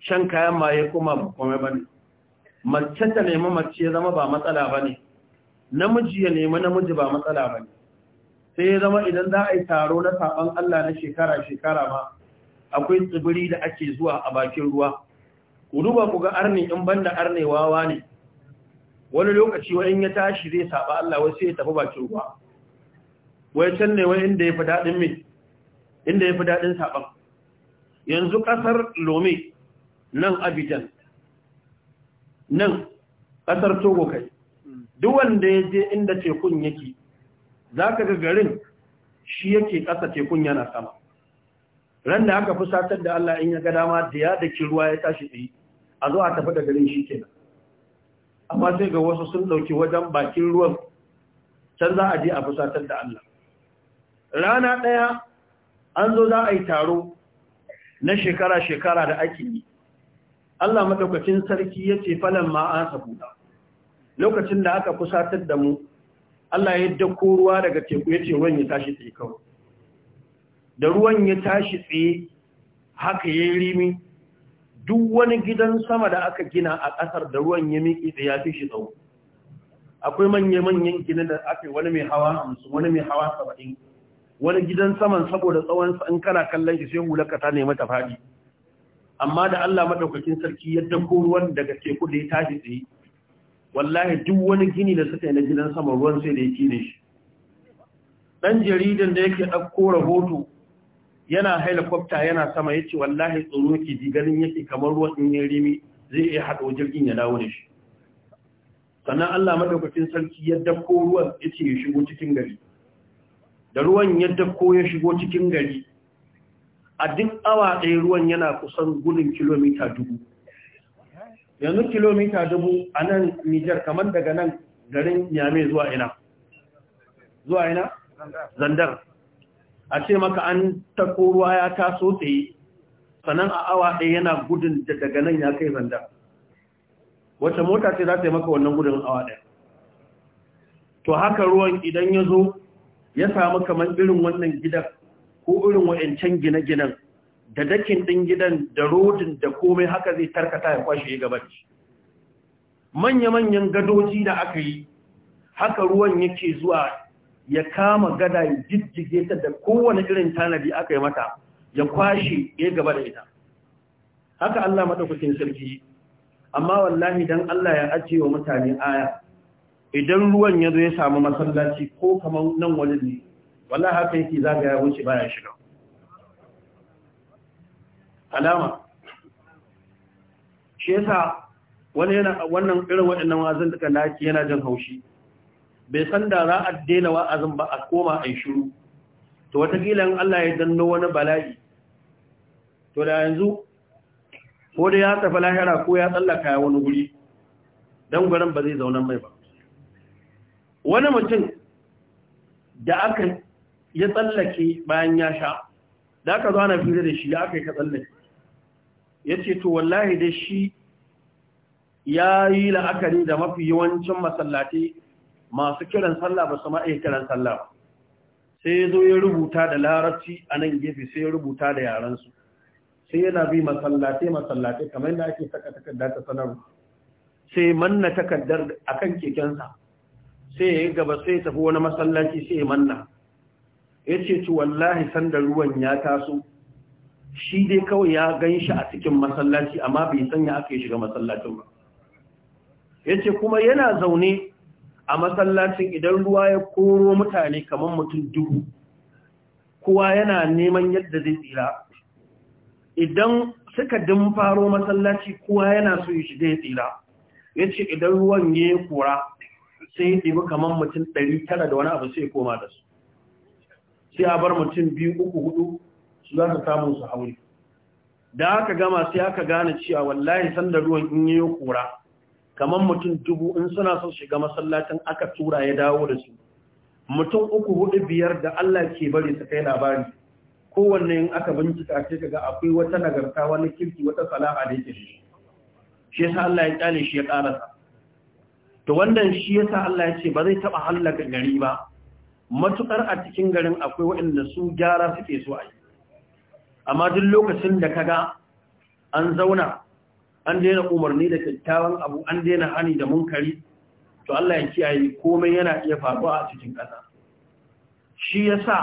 shan kayan maye koma ba komai ba ne mace ta nemi mace ya zama ba matsala ba ne namiji ya nemi namiji ba matsala ba ne sai ya zama idan za a yi taro na saɓon Allah na shekara-shekara ma akwai tsibiri da ake zuwa a bakin ruwa ku duba ku ga arne in banda arne wawa ne wani lokaci wa in ya tashi zai saɓa Allah wasu ya tafi bakin ruwa wai can ne wai inda ya fi daɗin mai inda ya fi daɗin saban yanzu ƙasar lome nan abidan nan ƙasar togo kai duk wanda ya je inda tekun yake za ka ga garin shi yake kasa tekun yana sama ran da aka fusatar da Allah in ya ga dama da ya da ruwa ya tashi tsaye a zo a tafi da garin shi kenan amma sai ga wasu sun ɗauki wajen bakin ruwan can za a je a fusatar da Allah rana ɗaya an zo za a yi taro na shekara-shekara da ake yi Allah madaukakin sarki ya ce falon ma'asa buɗa lokacin da aka kusatar da mu Allah ya dauko ruwa daga teku ya ce ruwan ya tashi tsaye kawai da ruwan ya tashi tsaye haka ya yi rimi duk wani gidan sama da aka gina a ƙasar da ruwan ya miƙi da ya fi shi tsawo akwai manya-manyan gina da aka wani mai hawa hamsin wani mai hawa saba'in wani gidan saman saboda tsawonsa in kana kallon shi sai hularka ta nemi ta fadi. amma da Allah madaukakin sarki ya dauko ruwan daga teku da ya tashi tsaye wallahi duk wani gini da suka yi na gidan saman ruwan sai da ya kine shi dan jaridan da yake dauko rahoto yana helicopter yana sama yace wallahi tsoro ki ji ganin yake kamar ruwan in ya rimi zai iya hado jirgin ya dawo da shi sannan Allah madaukakin sarki ya dauko ruwan yace ya shigo cikin gari da ruwan ya ko ya shigo cikin gari a duk awa ɗaya ruwan yana kusan gudun kilomita dubu yanzu kilomita dubu a nan nijar kamar daga nan garin yame zuwa ina zuwa ina zandar a ce maka an tako ruwa ya taso tsaye sannan a awa ɗaya yana gudun da daga nan ya kai zandar wacce mota ce za ta yi maka wannan gudun awa ɗaya to haka ruwan idan ya zo ya samu kamar irin wannan gidan ko irin wa'ancan gine-ginen da dakin ɗin gidan da rodin da komai haka zai tarkata ya kwashe ya gabaci manya-manyan gadoji da aka yi haka ruwan yake zuwa ya kama gada ya jijjige ta da kowane irin tanadi aka yi mata ya kwashe ya gaba da ita haka Allah maɗaukakin sarki amma wallahi don Allah ya ajiye wa mutane aya idan ruwan ya zo ya samu masallaci ko kamar nan wani ne wallahi haka yake zaga ya wuce baya shiga alama shi yasa wani yana wannan irin waɗannan wazin da laki yana jin haushi bai san da za a daina wa'azin ba a koma a shiru to watakila in Allah ya danno wani bala'i to da yanzu ko da ya tafi lahira ko ya tsallaka wani guri don gurin ba zai zauna mai ba wani mutum da aka ya tsallake bayan ya sha da aka zo ana fira da shi ya aka yi ka tsallake ya ce to wallahi da shi ya yi la'akari da mafi yawancin masallatai masu kiran sallah ba su ma'ai kiran sallah ba sai ya zo ya rubuta da larabci a nan gefe sai ya rubuta da yarensu. sai yana bi masallatai masallatai kamar da ake saka takardar ta sanarwa sai manna takardar a kan kekensa sai ya gaba sai ya tafi wani masallaci sai ya manna ya ce ci wallahi sanda ruwan ya taso shi dai kawai ya gan shi a cikin masallaci amma bai sanya aka yi shiga masallacin ba ya ce kuma yana zaune a masallacin idan ruwa ya koro mutane kamar mutum dubu kowa yana neman yadda zai tsira idan suka faro masallaci kowa yana so ya shiga ya tsira ya ce idan ruwan ya yi kora sai ya ɗibi kamar mutum ɗari tara da wani abu sai koma da su sai a bar mutum biyu uku hudu su za su samu su haure da aka gama sai aka gane cewa wallahi sanda ruwan in yi kura kamar mutum dubu in suna son shiga masallacin aka tura ya dawo da su mutum uku hudu biyar da Allah ke bari su kai labari kowanne in aka bincika sai ga akwai wata nagarta wani kirki wata sala'a da yake shi shi yasa Allah ya ƙyale shi ya ƙarasa to wannan shi yasa Allah ya ce ba zai taba halaka gari ba matukar a cikin garin akwai waɗanda su gyara suke so a yi amma duk lokacin da kaga an zauna an daina umarni da kyakkyawan abu an daina hani da munkari to Allah ya kiyaye komai yana iya faruwa a cikin ƙasa shi yasa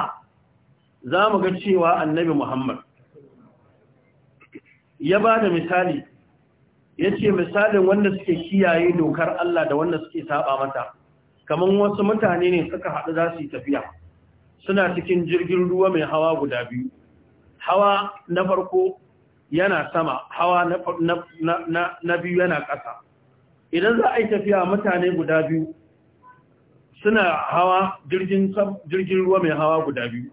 za mu ga cewa annabi Muhammad ya ba misali ya ce misalin wanda suke kiyaye dokar Allah da wanda suke saba mata kamar wasu mutane ne suka haɗu za su yi tafiya suna cikin jirgin ruwa mai hawa guda biyu hawa na farko yana sama hawa na biyu yana ƙasa idan za a yi tafiya mutane guda biyu suna hawa jirgin ruwa mai hawa guda biyu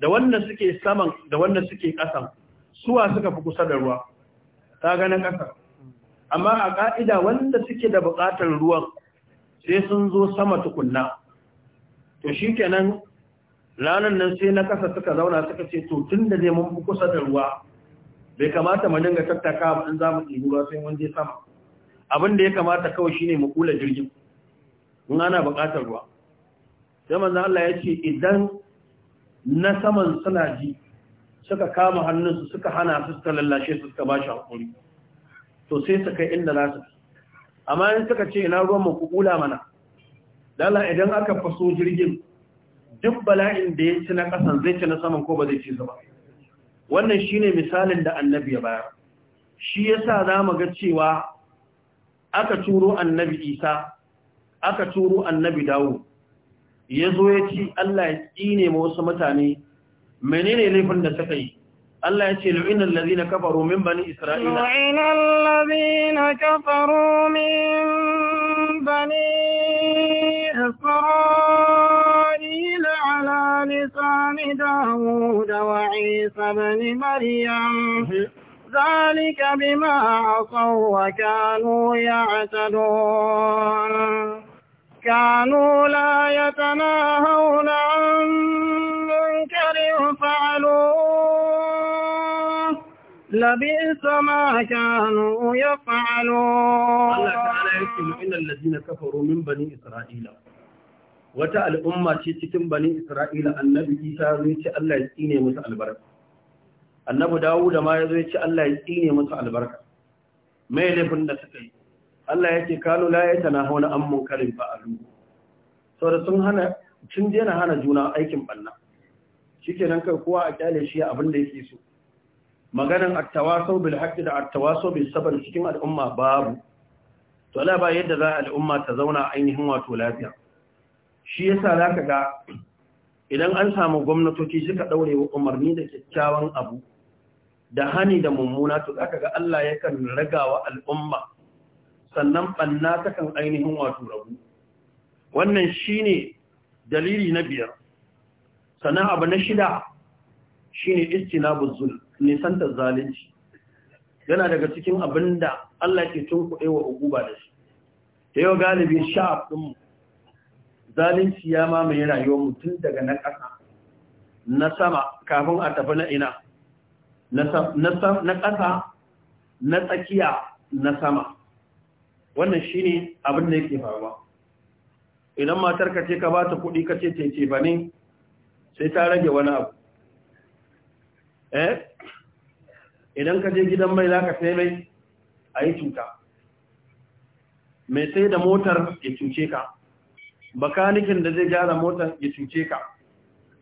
da wanda suke saman da wanda suke ƙasan suwa suka fi kusa da ruwa ta ganin ƙasa amma a ƙa'ida, wanda suke da buƙatar ruwan sai sun zo sama tukunna to shi kenan ranar nan sai na kasa suka zauna suka ce to tun da zai fi kusa da ruwa bai kamata mu dinga tattaka in za mu ɗibi ruwa sai mun je sama abin da ya kamata kawai shine mu kula jirgin in ana buƙatar ruwa sai manzo Allah ya ce idan na saman suna ji suka kama hannunsu suka hana su suka lallashe su suka ba shi hakuri to sai su kai inda za su amma in suka ce ina ruwan mu kula mana dala idan aka faso jirgin duk bala'in da ya ci na kasan zai ci na saman ko ba zai ci su ba wannan shine misalin da annabi ya bayar shi yasa za mu ga cewa aka turo annabi isa aka turo annabi dawo ya zo ya ci allah ya ne ma wasu mutane menene laifin da suka yi الله يقول لعن الذين كفروا من بني إسرائيل لعن الذين كفروا من بني إسرائيل على لسان داود وعيسى بن مريم ذلك بما عصوا وكانوا يعتدون كانوا لا يتناهون عن منكر فعلوه لبئس ما كانوا يفعلون الله تعالى يقول إن الذين كفروا من بني إسرائيل wata al'umma ce cikin bani Isra'ila annabi Isa zai ce Allah ya tsine musu albarka. Annabi Dawuda ma ya zai ce Allah ya tsine musu albarka. Mai laifin da suka yi, Allah ya ce kanu layata na hauna an munkarin fa'alu. Sau da sun hana, sun jena hana juna aikin ɓanna. Shi ke nan kai kowa a kyale shi abin da yake so. maganan attawasau bil haqqi da attawasau bil sabr cikin al'umma babu to Allah ba yadda za al'umma ta zauna ainihin wato lafiya shi yasa zaka ga idan an samu gwamnatoci suka daure wa umarni da kyakkyawan abu da hani da mummuna to zaka ga Allah yakan ragawa al'umma sannan banna takan ainihin wato rabu wannan shine dalili na biyar sannan abu na shida shine istinabu zulm nisantar zalunci yana daga cikin abin da Allah ke kuɗe wa uguba da shi ta yau galibi sha'af ɗinmu zalunci ya mamaye rayuwa mutum daga na ƙasa na sama kafin a tafi na ina na ƙasa na tsakiya na sama wannan shi ne abin da yake faruwa idan matar ka ce ka ba ta kuɗi ka ce ce ba ne sai ta rage wani abu eh? idan ka je gidan mai zaka sai mai a yi cuta mai sai da motar ya cuce ka bakanikin da zai gyara motar ya cuce ka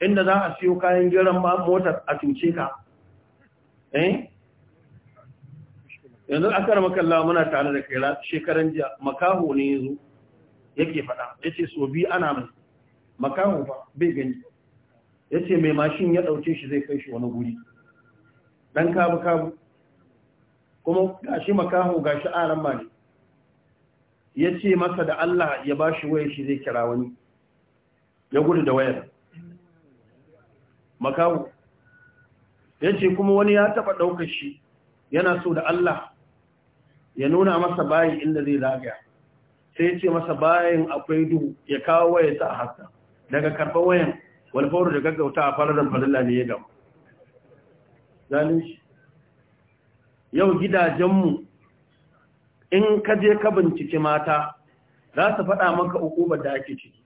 inda za a siyo kayan gyaran motar a cuce ka eh yanzu a kar makalla muna tare da kaira shekaran jiya makaho ne ya zo yake faɗa ya ce so bi ana mai makaho ba bai gani ya ce mai mashin ya ɗauke shi zai kai shi wani guri dan kabu kabu kuma gashi makahu gashi aran ba ne ya ce masa da Allah ya ba shi shi zai kira wani ya gudu da wayar Makahu ya ce kuma wani ya taɓa ɗaukar shi yana so da Allah ya nuna masa bayan inda zai zagaya sai ya ce masa bayan akwai duhu ya kawo wayarsa a hasa daga karɓar wayan walfauru da gaggauta a fararen falilla ne ya gama shi yau gidajenmu in ka je ka binciki mata za su faɗa maka ukubar da ake ciki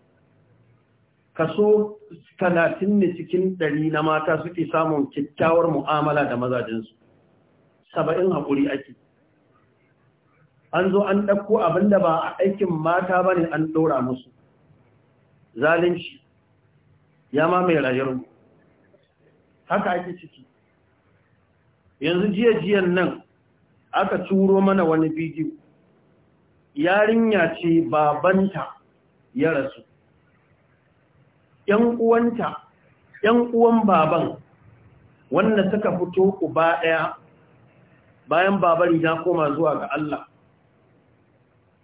kaso talatin ne cikin ɗari na mata suke samun kyakkyawar mu'amala da mazajensu saba'in haƙuri ake an zo an ɗauko abinda ba a aikin mata ba ne an ɗora musu zalunci ya ma mai rayuwar haka ake ciki yanzu jiya-jiyan nan aka turo mana wani bidiyo yarinya ce babanta ya rasu ‘yan uwanta ‘yan uwan baban wanda suka fito uba ɗaya bayan babar na koma zuwa ga Allah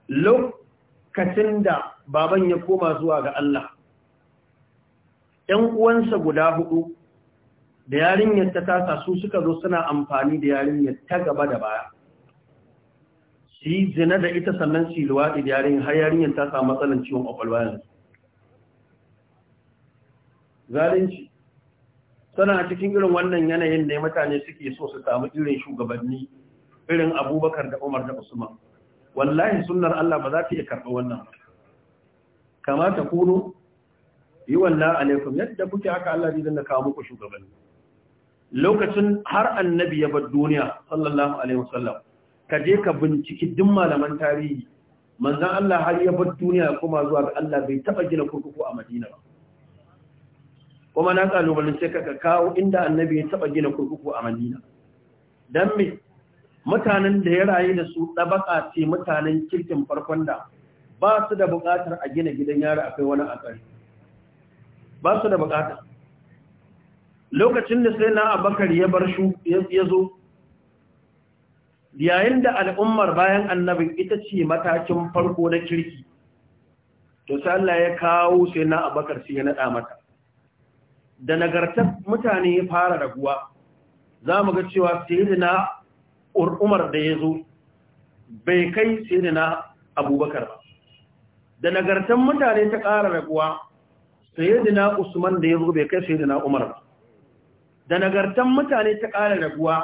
lokacin da baban ya koma zuwa ga Allah ‘yan uwansa guda hudu da yarinyar ta tasa su suka zo suna amfani da yarinyar ta gaba da baya Shi zina da ita sannan shi luwaɗi da yarinyar har yarinyar ta samu matsalan ciwon ƙwaƙwalwa yanzu zalunci suna cikin irin wannan yanayin da mutane suke so su samu irin shugabanni irin abubakar da umar da usman wallahi sunnar Allah ba za ta iya karɓi wannan kamata kuno yi wallah alaikum yadda kuke haka Allah zai dinga kawo muku shugabanni lokacin har annabi ya bar duniya sallallahu alaihi wasallam ka je ka binciki duk malaman tarihi manzon Allah har ya bar duniya kuma zuwa ga Allah bai taba gina kurkuku a Madina ba kuma na ban sai ka kawo inda annabi ya taba gina kurkuku a Madina dan me mutanen da ya rayu da su dabaka ce mutanen kirkin farkon da ba su da bukatar a gina gidan yara akai wani akari ba su da bukatar lokacin da sai na abakar ya bar shu ya zo yayin da al'ummar bayan annabin ita ce matakin farko na kirki to sai Allah ya kawo sai na abakar sai ya naɗa mata da nagartar mutane ya fara raguwa za mu ga cewa sayyidina na umar da ya zo bai kai sayyidina na abubakar ba da nagartar mutane ta ƙara raguwa sayyidina na usman da ya zo bai kai sayyidina na umar ba da nagartan mutane ta ƙara raguwa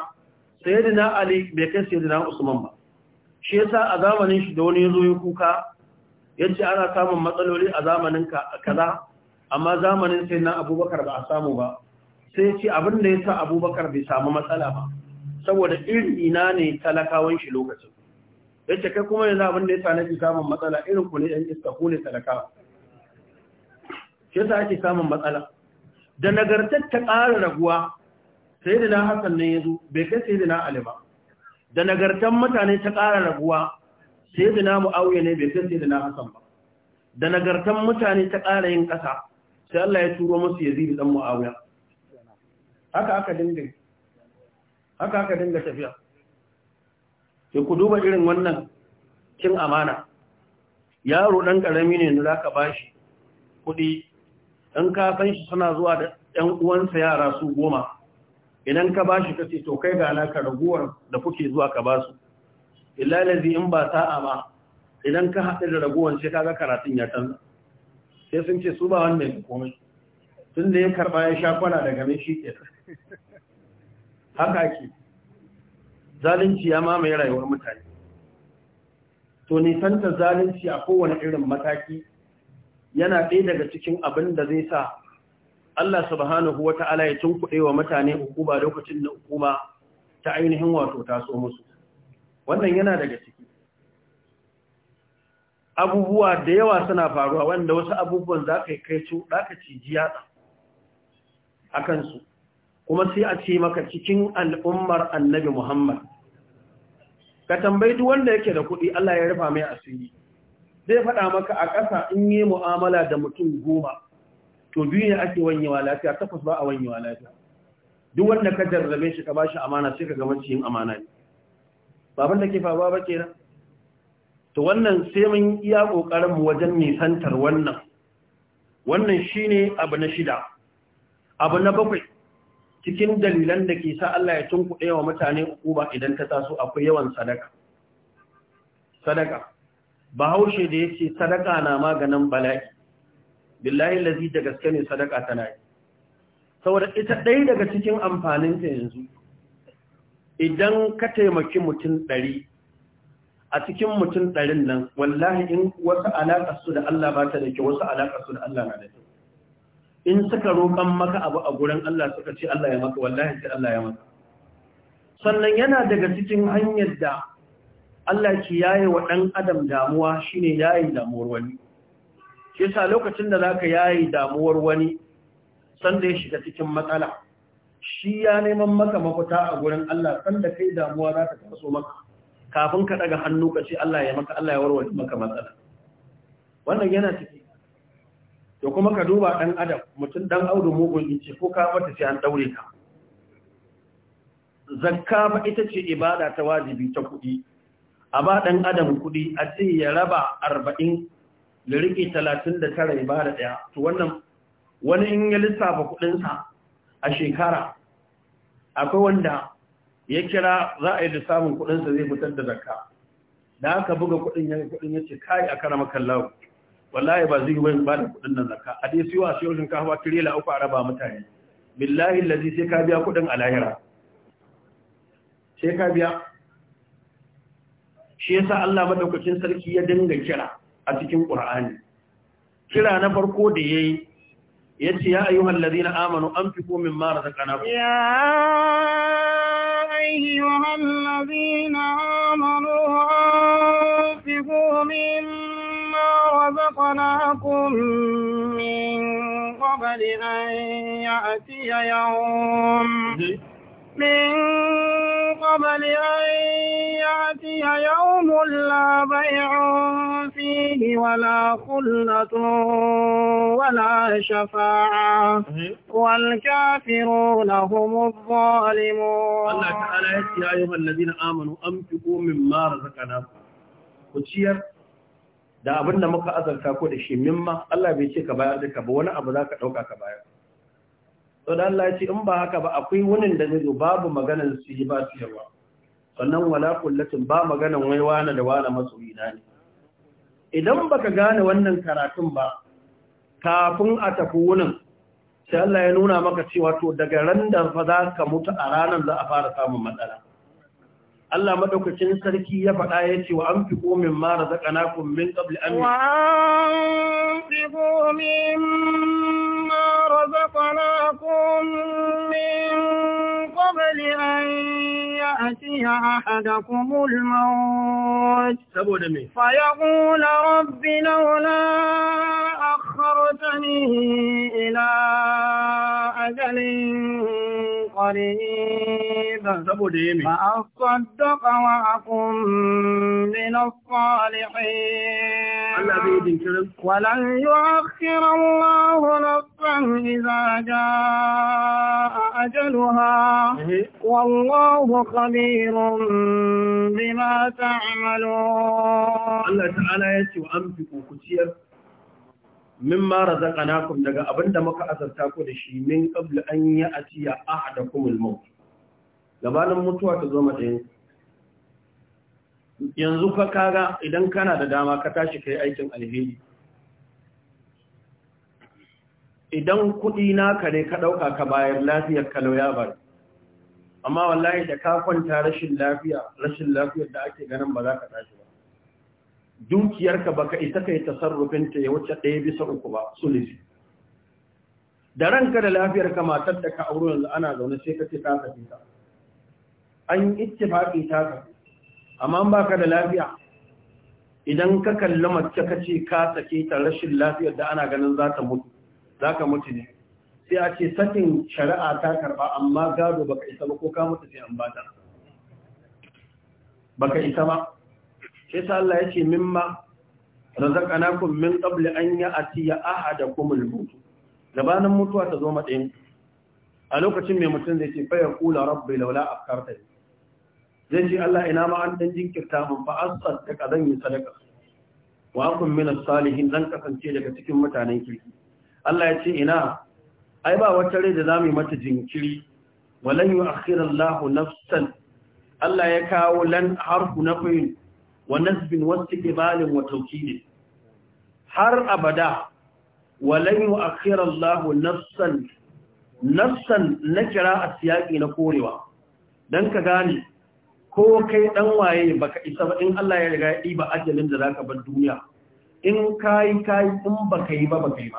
sai da na ali bai kai sai da na usman ba shi yasa a zamanin shi da wani yazo zo ya kuka ya ce ana samun matsaloli a zamanin kaza amma zamanin sai na abubakar ba a samu ba sai ce abin da ya sa abubakar bai samu matsala ba saboda irin ina ne talakawan shi lokacin ya ce kai kuma yanzu abin da ya sa nake samun matsala irin ku ne yan iska ku ne talakawa shi yasa ake samun matsala da nagartar ta ƙara raguwa sai da na hassan ne ya zo bai kai sai da na ali ba da nagartar mutane ta ƙara raguwa sai da na mu'auya ne bai kai sai da na hassan ba da nagartar mutane ta ƙara yin ƙasa sai Allah ya turo musu ya yazidi dan mu'awiya haka aka dinga haka aka dinga tafiya sai ku duba irin wannan cin amana yaro dan karami ne za ka bashi kuɗi in ka san shi suna zuwa da ɗan uwansa yara su goma idan ka bashi ka ce to kai ga ka raguwar da kuke zuwa ka basu illa lazi in ba sa'a ba idan ka haɗu da raguwar sai ga karatun ya canza sai sun ce su ba wannan mai komai tun da ya karɓa ya sha kwana daga mai shi ke haka ke. zalunci ya mamaye rayuwar mutane to nisanta zalunci a kowane irin mataki yana ɗaya daga cikin abin da zai sa Allah subhanahu wa ta'ala ya tunkuɗe wa mutane hukuma lokacin da hukuma ta ainihin wato taso musu. Wannan yana daga ciki. Abubuwa da yawa suna faruwa wanda wasu abubuwan za ka yi kai su ɗaka cijiya a kansu, kuma sai a ce maka cikin al'ummar annabi Muhammad. Ka tambayi duk wanda yake da kuɗi Allah ya rufa mai asiri. zai faɗa maka a ƙasa in yi mu'amala da mutum goma to biyu ne ake wanyewa lafiya takwas ba a wanyewa lafiya duk wanda ka jarrabe shi ka ba shi amana sai ka ci yin amana ne baban da ke faruwa ba ke nan? to wannan sai mun iya kokarin mu wajen nisantar wannan wannan shine abu na shida abu na bakwai cikin dalilan da ke sa Allah ya tunku ɗaya wa mutane uba idan ta taso akwai yawan sadaka bahaushe da ya ce sadaka na maganin bala'i billahi lazi da gaske ne sadaka tana yi saboda ita ɗaya daga cikin ta yanzu idan ka taimaki mutum ɗari a cikin mutum ɗarin nan wallahi in wasu su da Allah ba ta da ke wasu su da Allah na da in suka roƙon maka abu a gurin Allah suka ce Allah ya maka wallahi sai Allah ya maka sannan yana daga cikin hanyar da Allah ke yaye wa ɗan adam damuwa shine yi damuwar wani Ke sa lokacin da za ka ya yi damuwar wani sanda ya shiga cikin matsala shi ya neman maka mafuta a gurin Allah sanda kai damuwa za ta taso maka kafin ka daga hannu ka ce Allah ya maka Allah ya warware maka matsala wannan yana ciki to kuma ka duba ɗan adam mutum ɗan audu mugun ce ko ka mata sai an ɗaure ka zakka ba ita ce ibada ta wajibi ta kuɗi a ba ɗan adam kuɗi a ce ya raba arba'in da riƙe talatin da tara ya ba da ɗaya to wannan wani in ya lissafa kuɗinsa a shekara akwai wanda ya kira za a yi da samun kuɗinsa zai fitar da zakka da aka buga kuɗin ya kuɗin ya ce kai a kara maka lawo wallahi ba zai wani ba da kuɗin nan zakka a dai siyo a siyo shinkafa tirela uku a raba mutane billahi lazi sai ka biya kuɗin a lahira sai ka biya shi yasa Allah madaukakin sarki ya dinga kira a cikin Qur'ani kira na farko da yayi yace ya ayyuhal ladina amanu anfiqu mimma razaqnakum ya ayyuhal ladina amanu anfiqu mimma razaqnakum min qabli an ya'tiya yawm mhm. min قبل أن يأتي يوم لا بيع فيه ولا خلة ولا شفاعة والكافرون هم الظالمون الله تعالى يا أيها الذين آمنوا أنفقوا مما رزقناكم وتشير da abin da muka azarta ko da shi mimma Allah bai ce ka bayar da ka ba wani abu za ka ɗauka ka bayar da, Allah ya ce in ba haka ba akwai wunin da zai babu maganan su yi ba su yawa sannan wala kullatin ba maganan wai wani da wani masoyi na ne idan baka gane wannan karatun ba kafin a tafi wunin sai Allah ya nuna maka cewa to daga ran da fa za ka mutu a ranar za a fara samun matsala Allah madaukakin sarki ya faɗa ya ce wa an fi komin mara zaƙanakun min ƙabli amin. an fi komin رزقناكم من قبل أن يأتي أحدكم الموت فيقول رب لولا أخرتني إلى أجل قريب فأصدق وأقم من الصالحين ولن يؤخر الله نفسا إذا جاء أجلها إيه؟ والله خبير بما تعملون الله تعالى daga abinda muka azarta ku da shi min qabl an ya'ti ahadakum al-maut gabanin mutuwa ta zo madayin yanzu ka kaga idan kana da dama ka tashi kai aikin alheri idan kudi na kare ka dauka ka bayar lafiyar kalau ya bari amma wallahi da ka kwanta rashin lafiya rashin lafiyar da ake ganin ba za ka tashi ba dukiyarka baka ta kai tasarrufin ta ya wuce ɗaya bisa uku ba sulisi da ranka da ka matar da ka auro yanzu ana zaune sai ka ce ta tafi ta an yi ittifaqi ta ka amma ba ka da lafiya idan ka kalli mace ka ce ka sake ta rashin lafiyar da ana ganin za ta mutu za ka mutu ne sai a ce sakin shari'a ta karba amma gado baka isa ba ko kama ta sai an bata baka isa ba sai sa Allah yace mimma razaqnakum min qabli an ya'tiya ahadakum al-maut gabanin mutuwa ta zo matsayin a lokacin mai mutum zai ce fa yaqulu rabbi laula akhartani zai ce Allah ina ma an dan jinkirta mun fa asaddaka zan yi sadaka wa akum min as-salihin zan kasance daga cikin mutanen kirki Allah ya ce ina ai ba wata rai da za mu yi mata jinkiri walan yi akhirallahu nafsan Allah ya kawo lan harfu na fayin wa nasbin wasu kibalin wa taukidin har abada walan yi akhirallahu nafsan nafsan na kira a siyaƙi na korewa don ka gane ko kai ɗan waye ba ka isa ba in Allah ya riga ya ɗiba ajalin da za ka bar duniya in kayi kayi in ba ka yi ba baka yi ba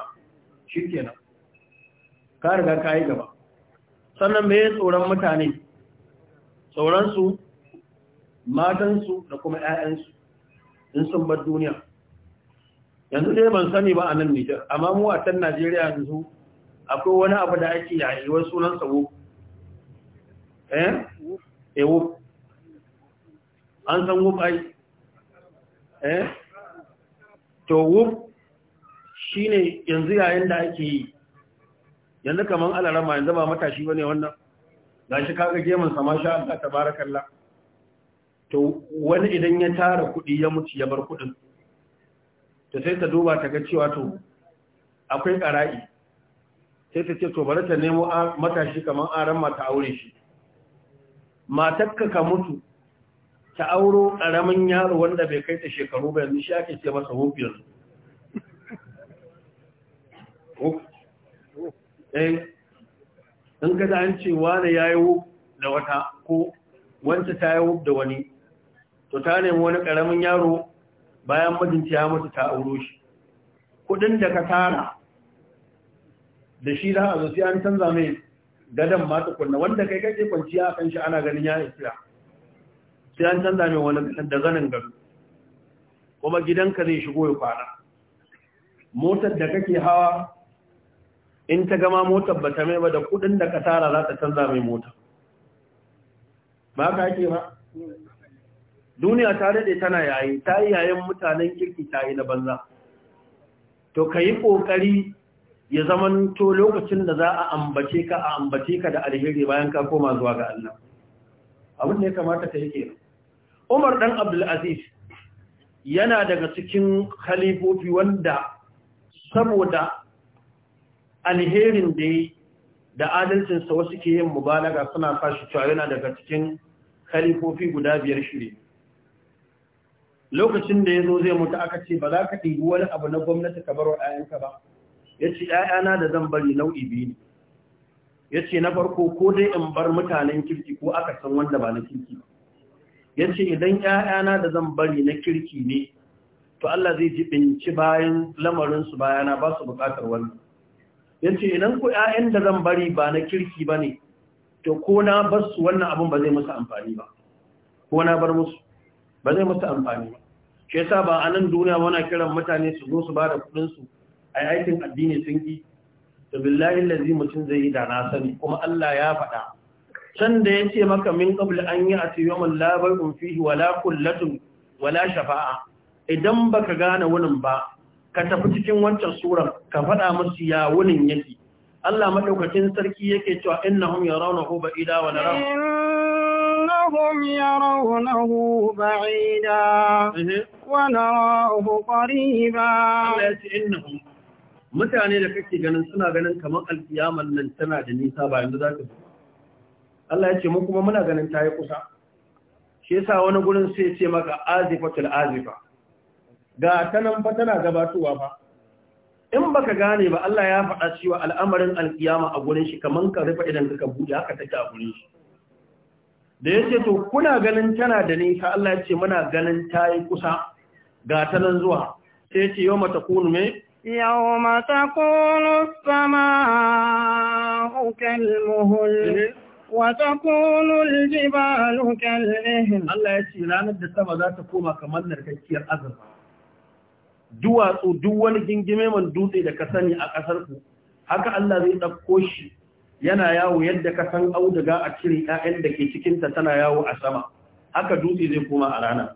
shi kenan ka riga ka yi gaba sannan me tsoron mutane tsoronsu matansu da kuma 'ya'yansu in sun bar duniya yanzu dai ban sani ba a nan nijar amma mu a can najeriya yanzu akwai wani abu da ake yayi sunan sabo eh, eh an san wuf eh to wuf shine yanzu yayin da ake yi yanzu kaman alarama yanzu ba matashi bane wannan ga shi kaga gemun sa masha Allah tabarakallah to wani idan ya tara kuɗi ya mutu ya bar kuɗin to sai ta duba ta ga cewa to akwai ƙara'i sai ta ce to bari ta nemo matashi kaman aran mata aure shi matakka ka mutu ta auro ƙaramin yaro wanda bai kai ta shekaru ba yanzu shi ake ce masa hobiyar eh in ka an ce wani ya yi da wata ko wancan ta yi da wani to ta nemi wani ƙaramin yaro bayan mijinta ya mutu ta auro shi kudin da ka tara da shi za a zo sai an canza mai gadon ma kunna wanda kai kake kwanciya a kan shi ana ganin ya isra sai an canza mai wani da zanin gado kuma gidanka zai shigo ya kwana motar da kake hawa in ta gama motar ba ta mai ba da kudin da ka tara za ta canza mai mota ba ka ake ba duniya ta daɗe tana yayi ta yi yayin mutanen kirki ta yi na banza to ka yi ƙoƙari ya zamanto to lokacin da za a ambace ka a ambace ka da alheri bayan ka koma zuwa ga Allah abin da ya kamata ka yi ke Umar dan Abdulaziz yana daga cikin khalifofi wanda saboda alherin da yi da adalcinsa wasu ke yin mubalaga suna fashi cewa yana daga cikin kalifofi guda biyar shiri lokacin da ya zo zai mutu aka ce ba za ka ɗibi wani abu na gwamnati ka baro 'ya'yanka ba ya ce 'ya'yana da zan bari nau'i biyu ne ya ce na farko ko dai in bar mutanen kirki ko aka san wanda ba na kirki ya ce idan 'ya'yana da zan bari na kirki ne to Allah zai ji binci bayan lamarinsu bayana ba su buƙatar wannan ya ce idan ku ‘ya'yan da zan bari ba na kirki ba ne to ko na bar su wannan abin ba zai musu amfani ba ko na bar musu ba zai musu amfani ba shi yasa ba a nan duniya na kiran mutane su zo su ba da su a aikin addini sun yi to billahi allazi mutun zai yi da na sani kuma Allah ya faɗa Sanda da ya ce maka min qabl an yi ati yawmal la bai'un fihi wala kullatun wala shafa'a idan baka gane wunin ba ka tafi cikin wancan suran ka faɗa musu ya wunin yake Allah maɗaukacin sarki yake cewa innahum yarawnahu ba'ida wa narahu innahum yarawnahu ba'ida wa narahu qariba Allah innahum mutane da kake ganin suna ganin kamar alkiyamar nan tana da nisa ba yanzu zaka Allah ya mu kuma muna ganin ta yi kusa shi yasa wani gurin sai ya ce maka azifatul azifa ga ta nan fa tana gabatowa ba in baka gane ba Allah ya faɗa cewa al'amarin alkiyama a gurin shi kaman ka rufe idan ka buɗe haka take a gurin shi da yace to kuna ganin tana da nisa Allah ya ce muna ganin tayi kusa ga ta nan zuwa sai ya ce yau mata kunu mai يوم تكون السماء كالمهل وتكون الجبال ya الله يشي لا sama za ذات كوما kamar نركيكير أزرق duwatsu duk wani gingime man dutse da ka sani a ƙasar ku haka Allah zai ɗauko shi yana yawo yadda ka san auduga a cire ƴaƴan da ke cikin ta tana yawo a sama haka dutse zai koma a rana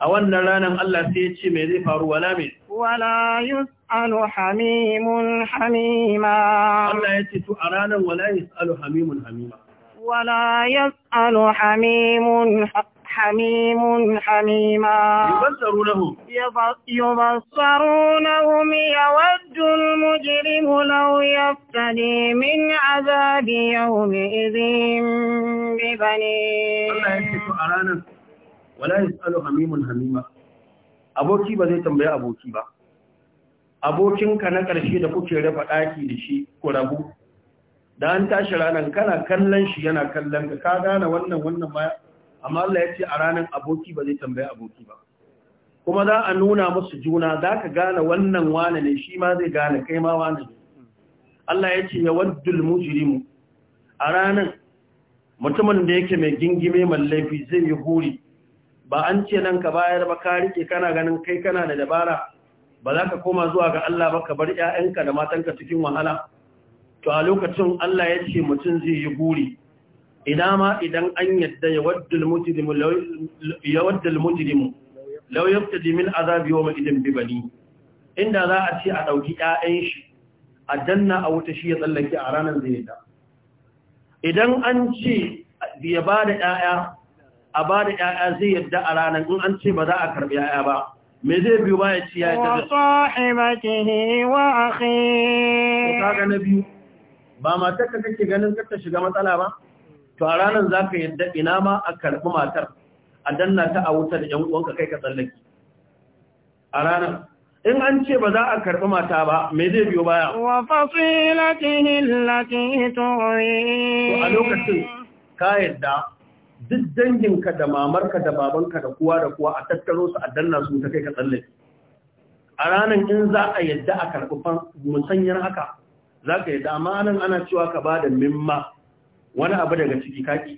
a wannan ranan Allah sai ya ce me zai faru wala me wala yus'alu hamimun hamima Allah ya ce to a ranan wala yus'alu hamimun hamima wala yus'alu hamimun حميم حميما يبصرونهم يود المجرم لو يفتدي من عذاب يومئذ ببنيه ولا يسأل حميم حميما aboki ba zai tambaya aboki ba abokinka na ƙarshe da kuke rafa ɗaki da shi ko rabu da an tashi ranar kana kallon shi yana kallon ka ka gane wannan wannan ma amma Allah ya ce a ranar aboki ba zai tambaye aboki ba kuma za a nuna musu juna za ka gane wannan wane ne shi ma zai gane kai ma wane ne Allah ya ce ya waddul mujrimu a ranar mutumin da yake mai gingime mallafi zai yi huri ba an ce nan ka bayar ba ka rike kana ganin kai kana da dabara ba za ka koma zuwa ga Allah ba ka bar 'ya'yanka da matanka cikin wahala to a lokacin Allah ya ce mutum zai yi huri ina ma idan an yadda ya waddal mujrimu ya waddal mujrimu law yaftadi min azabi yawma idin bi bani inda za a ce a ɗauki ƴaƴan shi a danna a wuta shi ya tsallake a ranar zai idan an ce ya ba da 'ya'ya a ba da ƴaƴa zai yadda a ranar in an ce ba za a karbi 'ya'ya ba me zai biyu ba ya ci ya yadda da sahibatihi wa akhi kaga na biyu ba matar kake ganin ka shiga matsala ba to a ranar za ka yadda ina ma a karɓi matar a danna ta a wutar ‘yan uwanka kai ka tsallaki a ranar in an ce ba za a karɓi mata ba mai zai biyo baya wa fasilatihi lati tuwi a lokacin ka yadda duk danginka da mamarka da babanka da kuwa da kuwa a tattaro su a danna su ta kai ka tsallaki a ranar in za a yadda a karɓi musanyar haka za ka yadda amma ana cewa ka ba da mimma wani abu daga ciki kaki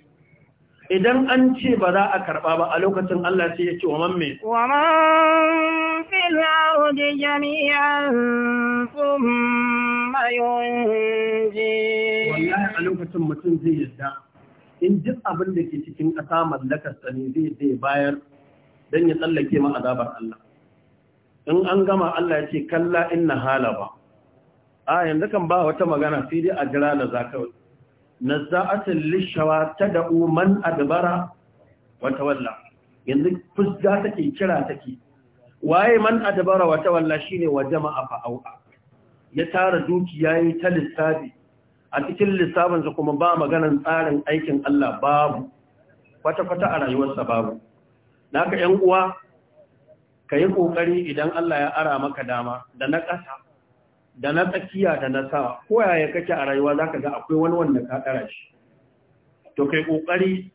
idan an ce ba za a karɓa ba a lokacin Allah sai ya ce wa man me wa man fil jami'an wallahi a lokacin mutum zai yadda in duk abin da ke cikin ƙasa mallakar sa ne zai zai bayar don ya tsallake ma azabar Allah in an gama Allah ya ce kalla hala ba. a yanzu kan ba wata magana sai dai a jira da zakawai nazza'atul lishawa tad'u man adbara wa tawalla yanzu fusga take kira take waye man adbara wa tawalla shine wa jama'a fa au'a ya tara dukiya yayi ta lissafi a cikin lissafin kuma ba maganan tsarin aikin Allah babu kwata kwata a rayuwarsa babu naka yan uwa yi ƙoƙari idan Allah ya ara maka dama da na ƙasa da na tsakiya da na sa ko yaya kake a rayuwa zaka ga akwai wani wanda ka ɗara shi to kai kokari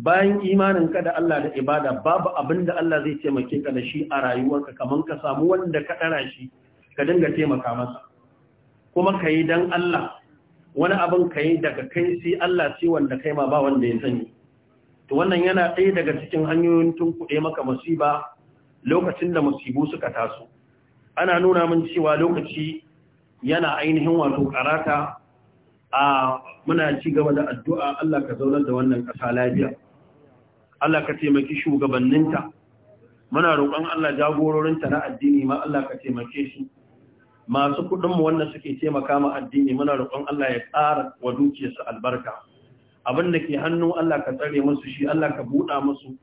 bayan imanin ka da Allah da ibada babu abin da Allah zai taimake ka da shi a rayuwarka kaman ka samu wanda ka ɗara shi ka dinga taimaka masa kuma kai dan Allah wani abin kai daga kai sai Allah sai wanda kai ma ba wanda ya sani to wannan yana ɗaya daga cikin hanyoyin tun kuɗe maka musiba lokacin da musibu suka taso ana nuna min cewa lokaci yana ainihin wato karata a muna ci gaba da addu'a Allah ka zaunar da wannan ƙasa lafiya Allah ka taimaki shugabanninta muna roƙon Allah jagororinta na addini ma Allah ka taimake shi. masu kuɗinmu wannan suke taimaka ma addini muna roƙon Allah ya ƙara wa dukiyarsu albarka abin da ke hannu Allah ka tsare musu shi Allah ka buɗa musu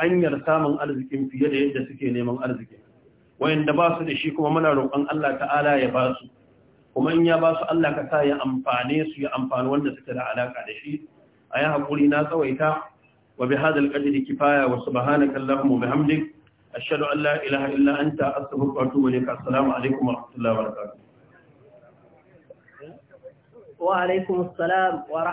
hanyar samun arzikin fiye da yadda suke neman arziki wayanda ba su da shi kuma muna roƙon Allah ta'ala ya ba su kuma in ya ba su Allah ka sa ya amfane su ya amfani wanda suke da alaka da shi a yi haƙuri na tsawaita wa bi hadal qadri kifaya wa subhanaka allahumma wa bihamdik ashhadu an la ilaha illa anta astaghfiruka wa atubu ilaik assalamu alaikum wa rahmatullahi wa barakatuh wa alaikum assalam wa